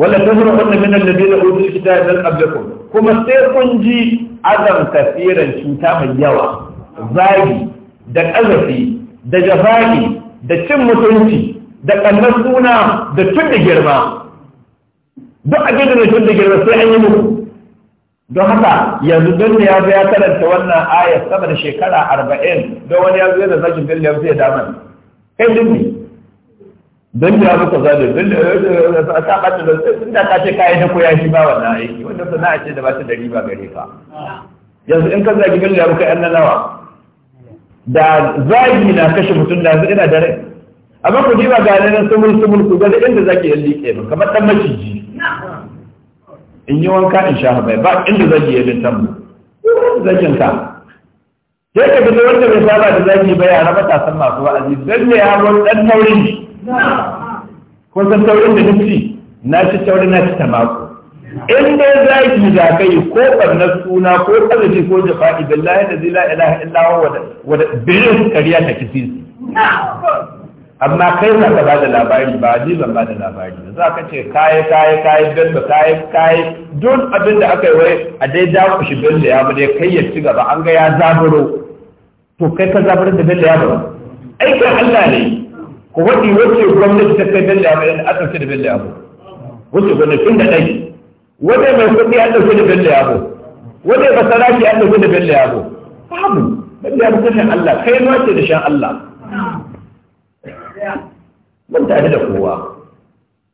wala tazrafun min alladhina utul kitaba min qablikum kuma sai kun ji azam kafiran cuta mai yawa zagi da ƙazafi da jafa'i da cin mutunci da ƙannar suna da tunda girma duk a gidan da tun girma sai an yi muku don haka yanzu dole ya zo ya karanta wannan aya sama da shekara arba'in don wani ya zo da zakin dole ya kai duk don ya muka zaɓe don da ta ɓata da sun da ka ce kayan da ya shi ba wannan aiki wanda sana'a ce da ba ta da riba gare ka yanzu in ka zagi bin da muka yan nanawa da zagi na kashe mutum da ina da rai amma ku riba ga nan sumul sumul ku gani inda zaki yan liƙe ba kamar dan maciji in yi wanka in sha bai ba inda zagi ya bin tambu zakin ka sai ka fita wanda bai saba da zaki ba yara matasan masu wa'azi don ne ya wani ɗan taurin kun san taurin da nufi na ci taurin na ci ta mako in dai zaki da kai ko barnar suna ko arziki ko idan lahi da zila ilaha illawa wada wada birin kariya ta kisi amma kai za ka bada labari ba ni ban bada labari za ka ce kaye kaye kaye bello kaye kaye don abin da aka yi wai a dai ku shi da ya bude kai ya ci gaba an ga ya zaburo to kai ka zaburar da bello ya bude aikin Allah ne ku waɗi wace gwamnati ta kai belle abu yadda aka fi da belle abu wace gwamnatin da ɗai wace mai kuɗi an ɗauki da belle abu wace basaraki an ɗauki da belle abu babu belle abu kashin Allah kai ma ce da shan Allah mun tare da kowa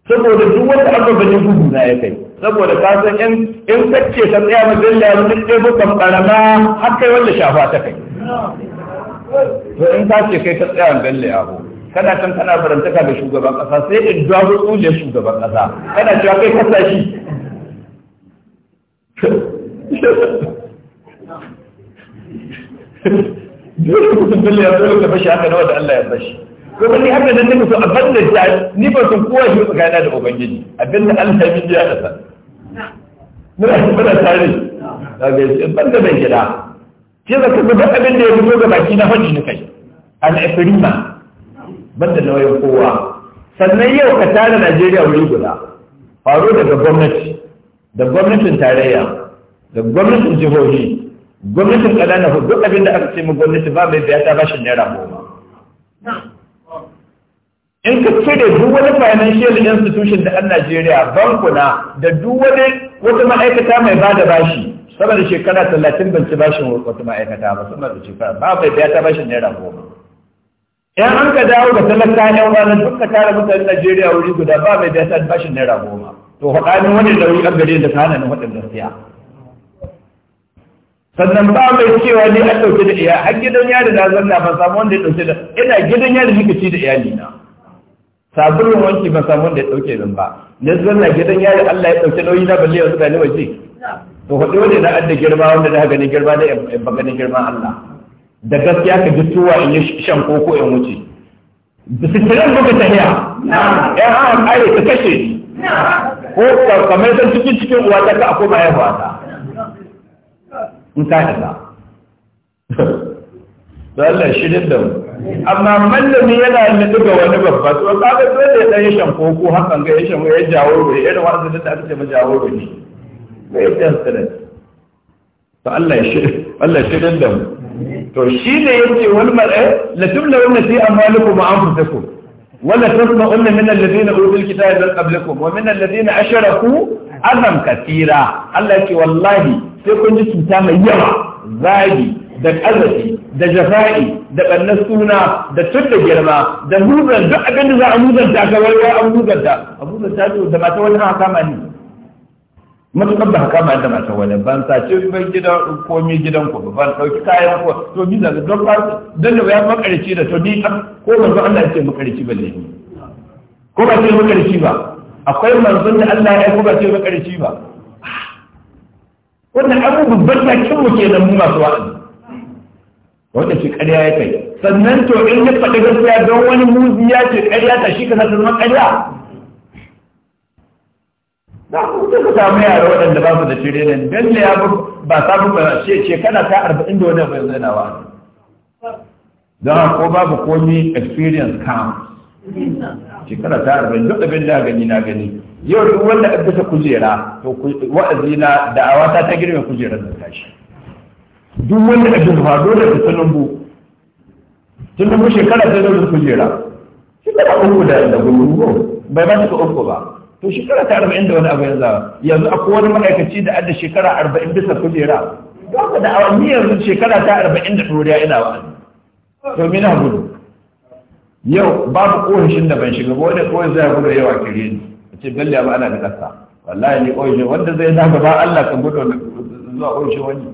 saboda duk wata abubuwan gudu na ya kai saboda ka san in in kace ta tsaya ma bella ya duk dai bukan karama har kai wanda shafa ta kai to in ka ce kai ta tsaya ma bella ya kana can kana farantaka da shugaban kasa sai in jawo tsule shugaban kasa kana cewa kai kasa shi dole mutum dole ya dole ka bashi haka nawa da Allah ya bashi ko ban ni haka da nake so abin da ta ni ba san kowa shi na da ubangiji abin da Allah ya biya da sa muna muna tare daga ban da bai gida Ke zaka ga abin da ya fito ga baki na hajji ne kai al-ifrima banda nauyin kowa sannan yau ka tara najeriya wuri guda Faru daga gwamnati da gwamnatin tarayya da gwamnatin jihohi gwamnatin ƙananan duk abin da aka ce mu gwamnati ba mai biya ta bashin naira goma in ka cire duk wani financial institution da an Najeriya bankuna da duk wani wata ma'aikata mai bada bashi saboda shekara talatin ban ci bashin wata ma'aikata ba saboda da shekara ba mai biya ta bashin naira goma yan an ka dawo ga talaka yan wani duk ka tara mutanen najeriya wuri guda ba mai da ta bashin naira goma to faɗanin wani nauyi an gare da kana na faɗin gaskiya sannan ba mai cewa ne an ɗauke da iya har gidan yari na zanna ban samu wanda ya ɗauke da ina gidan yari nika ci da iyali na sabulun wanki ban samu wanda ya ɗauke min ba na zanna gidan yari Allah ya ɗauke nauyi na balle yanzu ga ni waje to faɗi ne na adda girma wanda na ganin girma na yan ganin girma Allah da gaskiya ka ji tuwa in yi shan koko in wuce sitirin buga ta hiya Yan eh, hawa kare ta kashe ko kamar zan cikin cikin uwa ta ka akwai bayan wata in ka yi ta. Allah shirin da mu amma mallami yana yin nufi duka wani babba to ka ga dole ya yi shan koko hakan ga ya shan ya jawo ne irin wanda da ta ce ma jawo ne bai dan ɗan to Allah ya Allah shirin da mu to shi ne yace wani mar'a la tumlawna fi amwalikum wa anfusikum wala tasma'unna min alladhina utul kitaba min qablikum wa min alladhina ashraku azam kasira Allah ce wallahi sai kun ji cuta mai yawa zagi da ƙazafi da jafa'i da ɓannar suna da tun da girma da muzan duk abin da za a muzanta ka wai an muzanta a muzanta da mata wani haka ma ne matuƙar ba haka bayan da mata wani ban ce ban gidan komi gidan ku ban ɗauki kayan ku to ni da don ba don da ya makarici da to ni ko manzo Allah ya ce makarici ba ne ko ba ce makarici ba akwai manzon da Allah ya ko ba ce makarici ba wannan abubuwan ban kin mu kenan mu masu wa'azi wanda shi ƙarya ya kai sannan to in ya faɗi gaskiya don wani muzi ya ce ƙarya ta shi ka zama ƙarya sai ku samu yara waɗanda ba su da tirenin don ne ya ba samu ba ce ce kana ta arba'in da wani bai zanawa don ko babu komi experience count shekara ta arba'in don abin da gani na gani yau duk wanda ka bisa kujera to wa'azi na da'awa ta ta girma kujerar da ta tashi duk wanda ka bisa faɗo da ta tunubu tunubu shekara ta zo da kujera shekara uku da da gurgurgo bai ba su uku ba to shekara ta arba'in da wani abu yanzu yanzu akwai wani ma'aikaci da adda shekara arba'in bisa kujera don da da ni yanzu shekara ta arba'in da ɗoriya ina wa'azi domin na gudu yau babu ƙorashin da ban shiga ba wani ƙorishin zai gudu yawa kiri ne a ce bella ba ana da ƙasa wallahi ni ƙorishin wanda zai na gaba allah kan gudu zuwa ƙorishin wani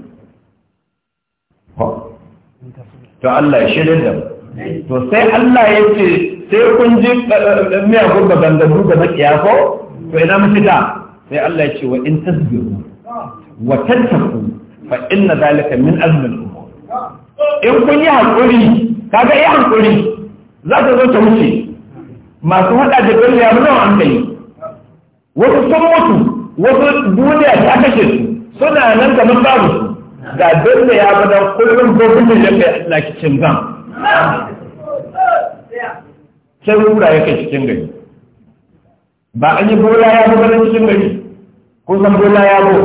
to allah ya shirin da to sai allah ya ce sai kun ji eh, eh, eh, miyagun maganganu ga makiya ko to ina da? sai Allah ya ce wa in tasbiru wa tattaku fa inna zalika min azmil umur in kun yi hakuri kaga yi hakuri za ka zo ta wuce masu hada da gari ya nuna an kai wasu sun mutu wasu duniya ta kashe su suna nan gaban babu su ga dole ya bada kullum gobin da ya kai Allah kicin zan. sai rura ya kai cikin gari ba an yi bola ya zo ganin cikin gari ko san bola ya zo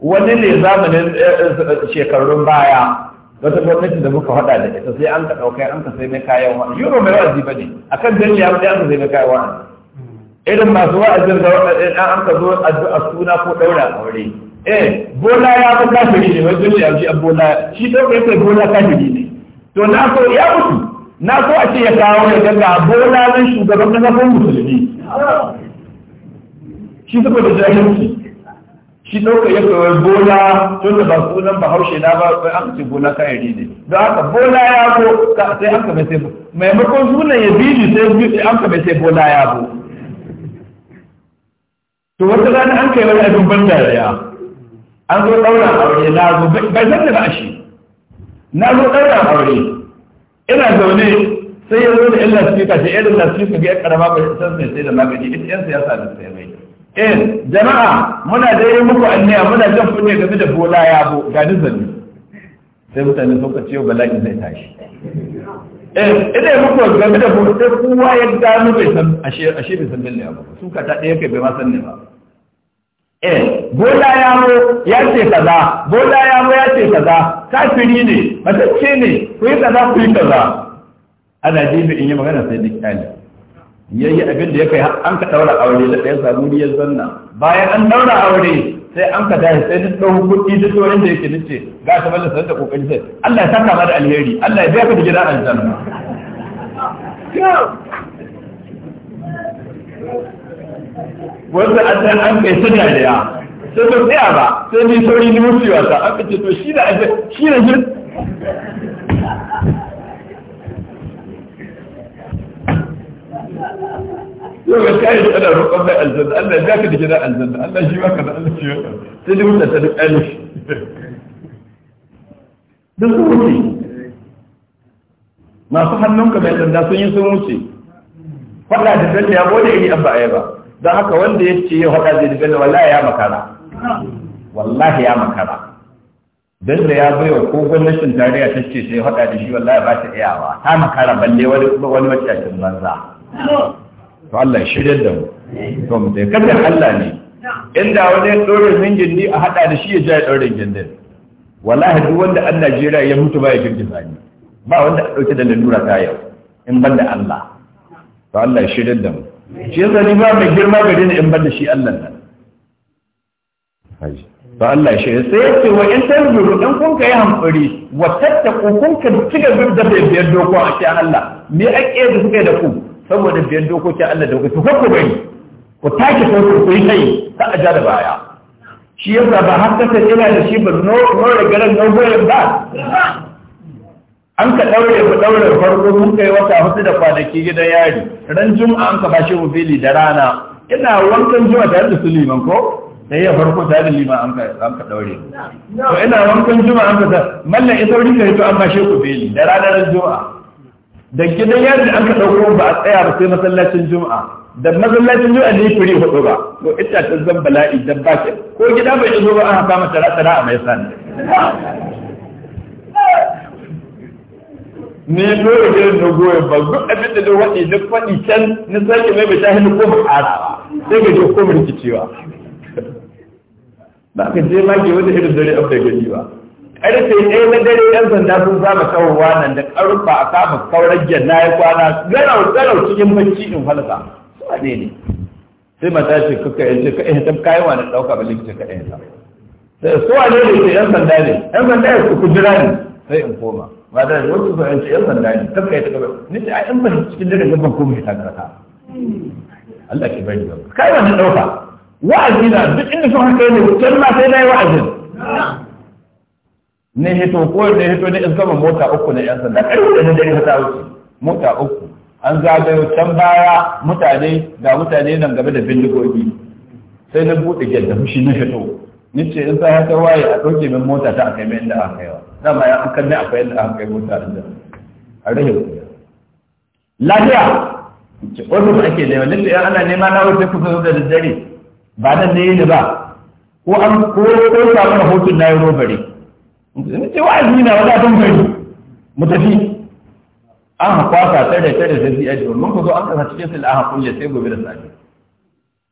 wani ne zamanin eh, eh, shekarun baya wata gwamnati da muka faɗa da ita sai an ka ɗaukai an ka sai mai kayan wa'azi euro mai wa'azi ba ne a kan dalili an ka sai mai kayan wa'azi irin masu wa'azin da waɗannan eh, an ka zo addu'a suna ko ɗaura aure eh bola ya fi kafiri ne wajen da yanzu an bola shi ɗauka sai bola kafiri ne to na so ya mutu na so a ce ya kawo ya ganga bola nan shugaban kasafin musulmi shi da jahilci shi ɗauka ya kawai bola tun da ba sunan ba haushe na ba sai an ce bola kayan ne don haka bola ya bo sai an kame sai maimakon sunan ya biyu sai biyu sai an kame sai bola ya bo to wata rana an kai wani abin ban dariya an zo ɗaura aure na zo bai san da ba shi na zo ɗaura aure ina zaune sai ya zo da yan lasfika ce irin lasfika ga yan karama ba san sai da magani ita yan siyasa da sai mai eh jama'a muna da yi muku annaya muna jan kunne game da bola bo ga dizani sai mutane sun ka ciwo bala'i zai tashi eh ina muku game da bola sai kowa ya gano bai san ashe bai san ne ba suka ta ɗaya kai bai ma san ne ba eh bola yaro ya ce kaza bola yaro ya ce kaza kafiri ne matacce ne ku yi kaza ku yi kaza ana jibi in yi magana sai duk kyali yayi abin da ya kai an ka daura aure da ɗaya samu ya zanna bayan an daura aure sai an ka tashi sai duk ɗau kuɗi duk wani da yake nace ga ta balla sanda da kokari sai Allah ya saka ma da alheri Allah ya biya ka da gidan aljanna wanda an san an kai sanya da ya sai ba tsaya ba sai ni sauri ni mutu yawa ta aka ce to shi da shi da shi yau ga kayan shi ana roƙon mai aljanna Allah ya ka da gida aljanna Allah shi maka da Allah shi maka sai ni mutu ta duk ainihi da sun wuce masu hannunka mai sanda sun yi sun wuce faɗa da sanda ya gode iri an ba a yi ba don haka wanda ya ce yau haka zai da wallahi ya makara wallahi ya makara don da ya bai wa kogon gwamnatin tarayya ta ce sai haka da shi wallahi ba ta iyawa ta makara balle wani wani maciyacin banza to Allah shirya da mu to mu dai kadar Allah ne inda wani ɗorin ringin ne a haɗa da shi ya ja ya ɗorin gindin wallahi duk wanda an Najeriya ya mutu ba ya girgiza ni ba wanda a ɗauke da lalura ta yau in ban da Allah to Allah shirya da mu shi yasa ni ba mai girma ga dina in bar da shi Allah nan ba Allah shi sai ya ce wa in tanzuru dan kun kai hankuri wa tattaku kun ka tiga bin da bai biyar doko a cikin Allah me ake da suka da ku saboda biyar dokokin Allah da ku to ku bari ku take ko ku yi kai ta aja da baya shi yasa ba har kasa ina da shi ba no no garan no goyen ba an ka ɗaure ku ɗaure farko mun kai wata hudu da kwanaki gidan yari ran juma'a an ka ba shi fili da rana ina wankan juma'a tare da su liman ko da ya farko tare da liman an ka an ka ɗaure to ina wankan juma'a an ka sa mallan ya sauri ka to an ba ku fili da rana ran juma'a da gidan yari an ka ɗauko ba a tsaya ba sai masallacin juma'a da masallacin juma'a ne firi hudu ba ko ita ta zan bala'i dan ba ko gida bai zo ba an haka mata ratara a mai sani ne dole gidan na goyon ba duk abin da na waɗi na faɗi can na sake mai bai shahin ko mu ƙara sai ga je ko mu rikicewa ba ka je ma ke wata irin dare abu da gani ba ƙarfe ɗaya na dare ɗan sanda sun zama kawowa nan da ƙarfa a kafa kaurar gyanna ya kwana garau garau cikin bacci in falsa su ne ne sai mata ce kuka yace ka eh ta kai wani dauka ba likita ka eh ta sai su ne ne ɗan sanda ne ɗan sanda ya ku jira ne sai in koma ba da wani ba yanzu yan sanda ne kan kai ta gaba ni da ai in ba cikin dare ne ban komai ta karata Allah ke bari ba kai ba wannan dauka wa'azi na duk inda sun haka ne can ma sai dai wa'azin ne hito ko ne hito ne in gama mota uku na yan sanda kai da dare ta wuce mota uku an zagayo can baya mutane ga mutane nan game da bindigogi sai na buɗe gyar da fushi na fito ni ce in sai haka waye a ɗauke min mota ta a kai mai inda aka yawa dama ya an kanne akwai yadda aka kai mota da jana a rage wuya lafiya wani ba ake nema lalle yan ana nema na wuce kusa da daddare ba nan ne ni ba ko an ko ko samu rahoton na yi robari in ce wa azumi na wata don bari mu tafi an kwasa tare tare da zai ajiyar. mun ku zo an kasa cikin sil an kulle sai gobe da safe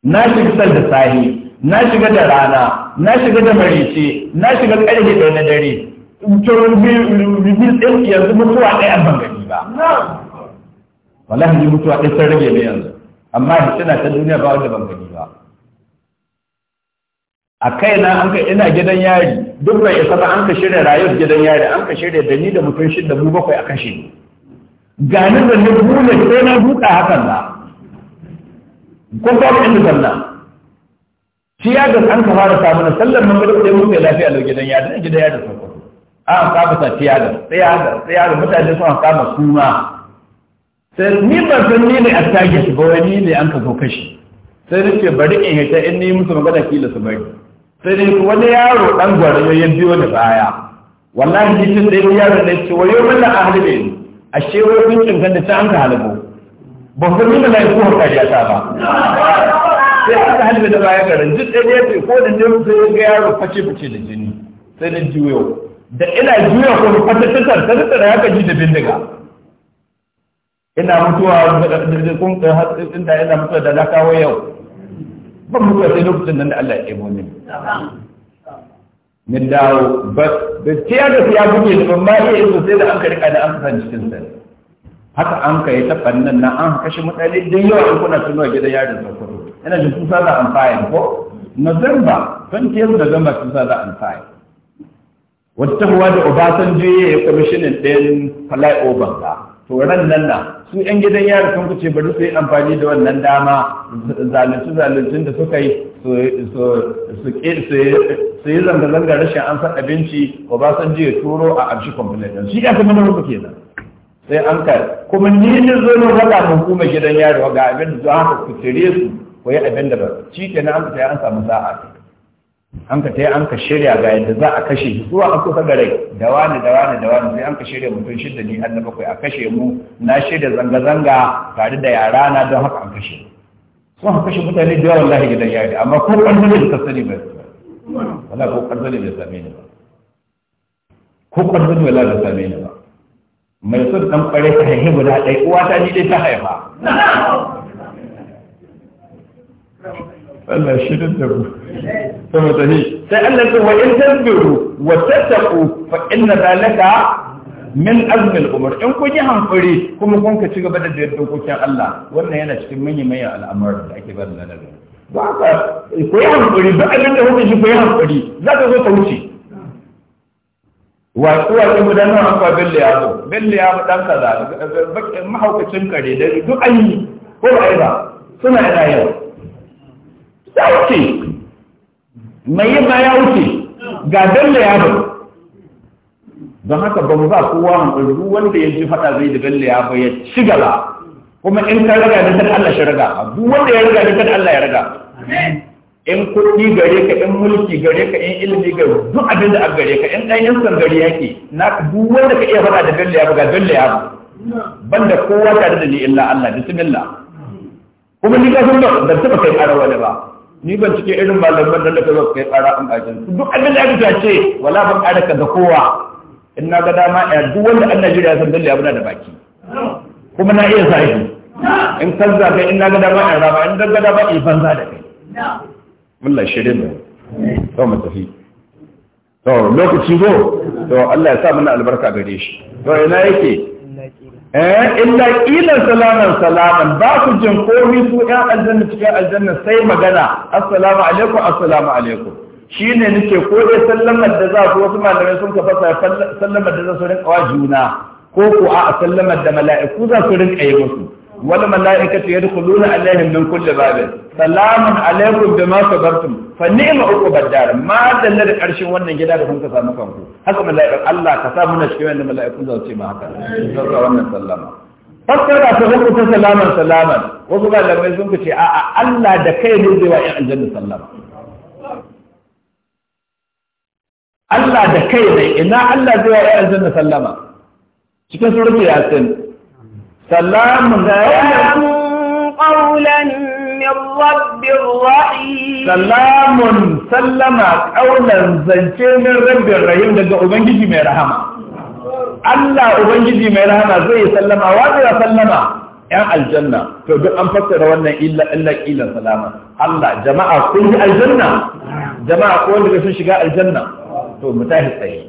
na shiga sal da sahi na shiga da rana na shiga da marice na shiga karfe ɗaya na dare rubin ɗin yanzu mutuwa ɗaya an bangani ba wallahi ji mutuwa ɗaya sun rage ne yanzu amma tana ta duniya ba wanda gani ba a kaina an ka ina gidan yari duk mai isa ba an ka shirya rayuwar gidan yari an ka shirya da ni da mutum da mu bakwai a kashe ni ganin da ni bune sai na duka hakan ba ko ba mu inda zanna shi ya ga an ka fara samu na sallar mun ga da ya mai lafiya lau gidan yari gidan yari sun an kama sa da tsaya da mutane sun kama suna sai ni ba san ni ne a tage shi ba wani ne an ka zo kashi sai ni ce bari in hita in ni musu magana kila su bari sai ni wani yaro dan gwarayo ya biyo da baya wallahi ni tun da yaro ne ce wayo mun da ahli ne ashe wai kun cin kan da ta an ka halabo ba ku ni da lafiya ko kariya ta ba sai an ka halbe da baya garin duk da ne ko da ne sai ya ga yaro face face da jini sai ni jiwo da ina juya kuma fatattakar ta rasa da haka ji da bindiga ina mutuwa inda ina mutuwa da na kawo yau ban mutuwa sai lokacin nan da Allah ya kaimo ni. min dawo ba da tiya da ya buke da ban ma iya yi sosai da an ka da an kasan cikin sa haka an ka yi taɓan nan na an kashe mutane don yau in kuna tunuwa gidan yarin sokoto ina jin kusa da amfani ko November 20th November 2005 wata huwa da obasanjo ya yi kwamishinin ɗin flyover ga to ran nan na su yan gidan yari sun kuce bari su yi amfani da wannan dama zalunci zaluncin da suka yi su yi zanga-zanga rashin an san abinci obasanjo ya turo a abshi kwamfilin shi ya kuma na rufe kenan sai an kai kuma ni ne zo ne faɗa mu kuma gidan yari ga abin da zuwa ku tire su ko yi abin da ba shi kenan an fita an samu sa'a an ka tayi an ka shirya ga yadda za a kashe shi zuwa aka kusa garai da wani da wani da wani sai an ka shirya mutum shida ne har da bakwai a kashe mu na shirya zanga-zanga tare da yara na don haka an kashe sun haka kashe mutane da yawan lahi gidan yari amma ko ƙarfi ne da sani ba wala ko ƙarfi ne da same ni ba ko ƙarfi ne wala da same ni ba mai son ɗan ƙware ta haihe guda ɗaya uwa ta ni dai ta haifa Allah shirin da ku. sama sahi sai Allah ya ce wa in tasbiru wa tattaqu fa inna zalika min azmil umar in kun yi hankuri kuma kun ka ci gaba da dokokin Allah wannan yana cikin manyan al'amuran da ake ba da ladabi ba ka ku yi hankuri ba abin da kuka shi ku yi hankuri za ka zo ta wuce wasu wasu gudanar an fa belle ya zo belle ya dan kaza mahaukacin kare da duk ayi ko ba ba suna yana yau ta wuce mai yin ya wuce ga dalla ya bai don haka ba mu ba kowa hankali wanda ya ji faɗa zai da dalla ya bai ya ci gaba kuma in ka raga da kan Allah shi raga duk wanda ya raga da kan Allah ya raga in kuɗi gare ka in mulki gare ka in ilimi gare duk abin da gare ka in ɗan yansan gari yake na duk wanda ka iya faɗa da dalla ya bai ga dalla ya bai banda kowa tare da ni illa Allah bismillah kuma ni ka san da taɓa kai arawa ne ba ni ban cike irin malaman da ka zo kai tsara an ajin duk abin da aka ce wala ban ƙara ka ga kowa in na ga dama ya duk wanda an Najeriya san dalle abuna da baki kuma na iya sai in kan zaga in na ga dama ya rama in gada dama in banza da kai mullah shirin da to mu tafi to lokaci zo to Allah ya sa mana albarka gare shi to ina yake eh illa ilan salaman salaman ba ku jin komi su ya aljanna cikin aljanna sai magana assalamu alaikum assalamu alaikum shine nake ko dai sallamar da za su wasu malamai sun ka fasa sallamar da za su rinka wa juna ko ko a sallamar da mala'iku za su rinka yi musu wal mala'ikatu yadkhuluna alaihim min kulli babin salamun alaikum bima sabartum fa ni'ma uqbad dar ma dalla da karshen wannan gida da kun ka samu kanku haka mala'ikun Allah ka sa muna cikin wannan mala'ikun za su ce ma haka za su wannan sallama fassara ta hukun ta salaman salaman wasu malamai sun ce a'a Allah da kai ne zai wa ƴan aljanna sallama Allah da kai ne ina Allah zai wa ƴan aljanna sallama cikin suratul yasin salamun da ya qawlan من رب رحيم سلام سلم قولا زنجي من الرحيم daga ubangiji mai rahama Allah ubangiji mai rahama zai sallama wa zai sallama ‘yan aljanna to duk an fassara wannan illa illa illa salama Allah jama'a kun yi aljanna jama'a ko wanda sun shiga aljanna to mu tashi tsaye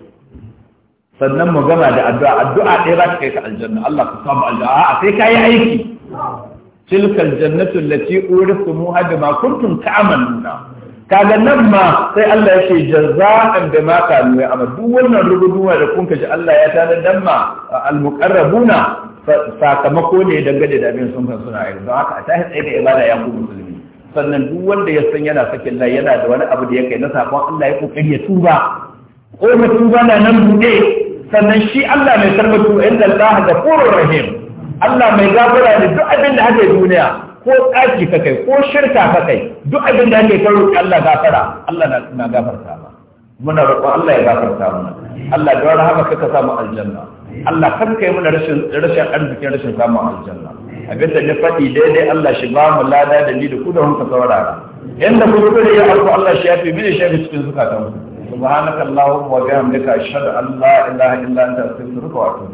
sannan mu gama da addu'a addu'a ɗaya za ta kai ka aljanna Allah ka samu aljanna a sai ka yi aiki tilkal jannatu allati urithumu bima kuntum ta'maluna kaga nan ma sai Allah ya ce jaza'an da ma kanu ya amma duk wannan rubutuwa da kun kaji Allah ya tana dan ma almuqarrabuna sakamako ne dangane da abin sun kan suna yi don haka a tashi tsaye da ibada ya ku musulmi sannan duk wanda ya san yana sakin lai yana da wani abu da ya kai na sakon Allah ya kokari ya tuba ko mutum na nan bude sannan shi Allah mai tarbatu inda Allah da rahim Allah mai gafara ne duk abin da haka duniya ko tsaki ka kai ko shirka ka kai duk abin da haka ka roƙi Allah gafara Allah na na gafarta ma muna roƙo Allah ya gafarta mana Allah da rahama ka ka samu aljanna Allah kan kai muna rashin rashin arziki rashin samu aljanna abin da ya faɗi daidai Allah shi ba mu lada da ni da ku da hunka saurara yanda ku kuka ya alku Allah shi ya fi bi shi cikin zukatan subhanakallahumma wa bihamdika ashhadu an la ilaha illa anta astaghfiruka wa atubu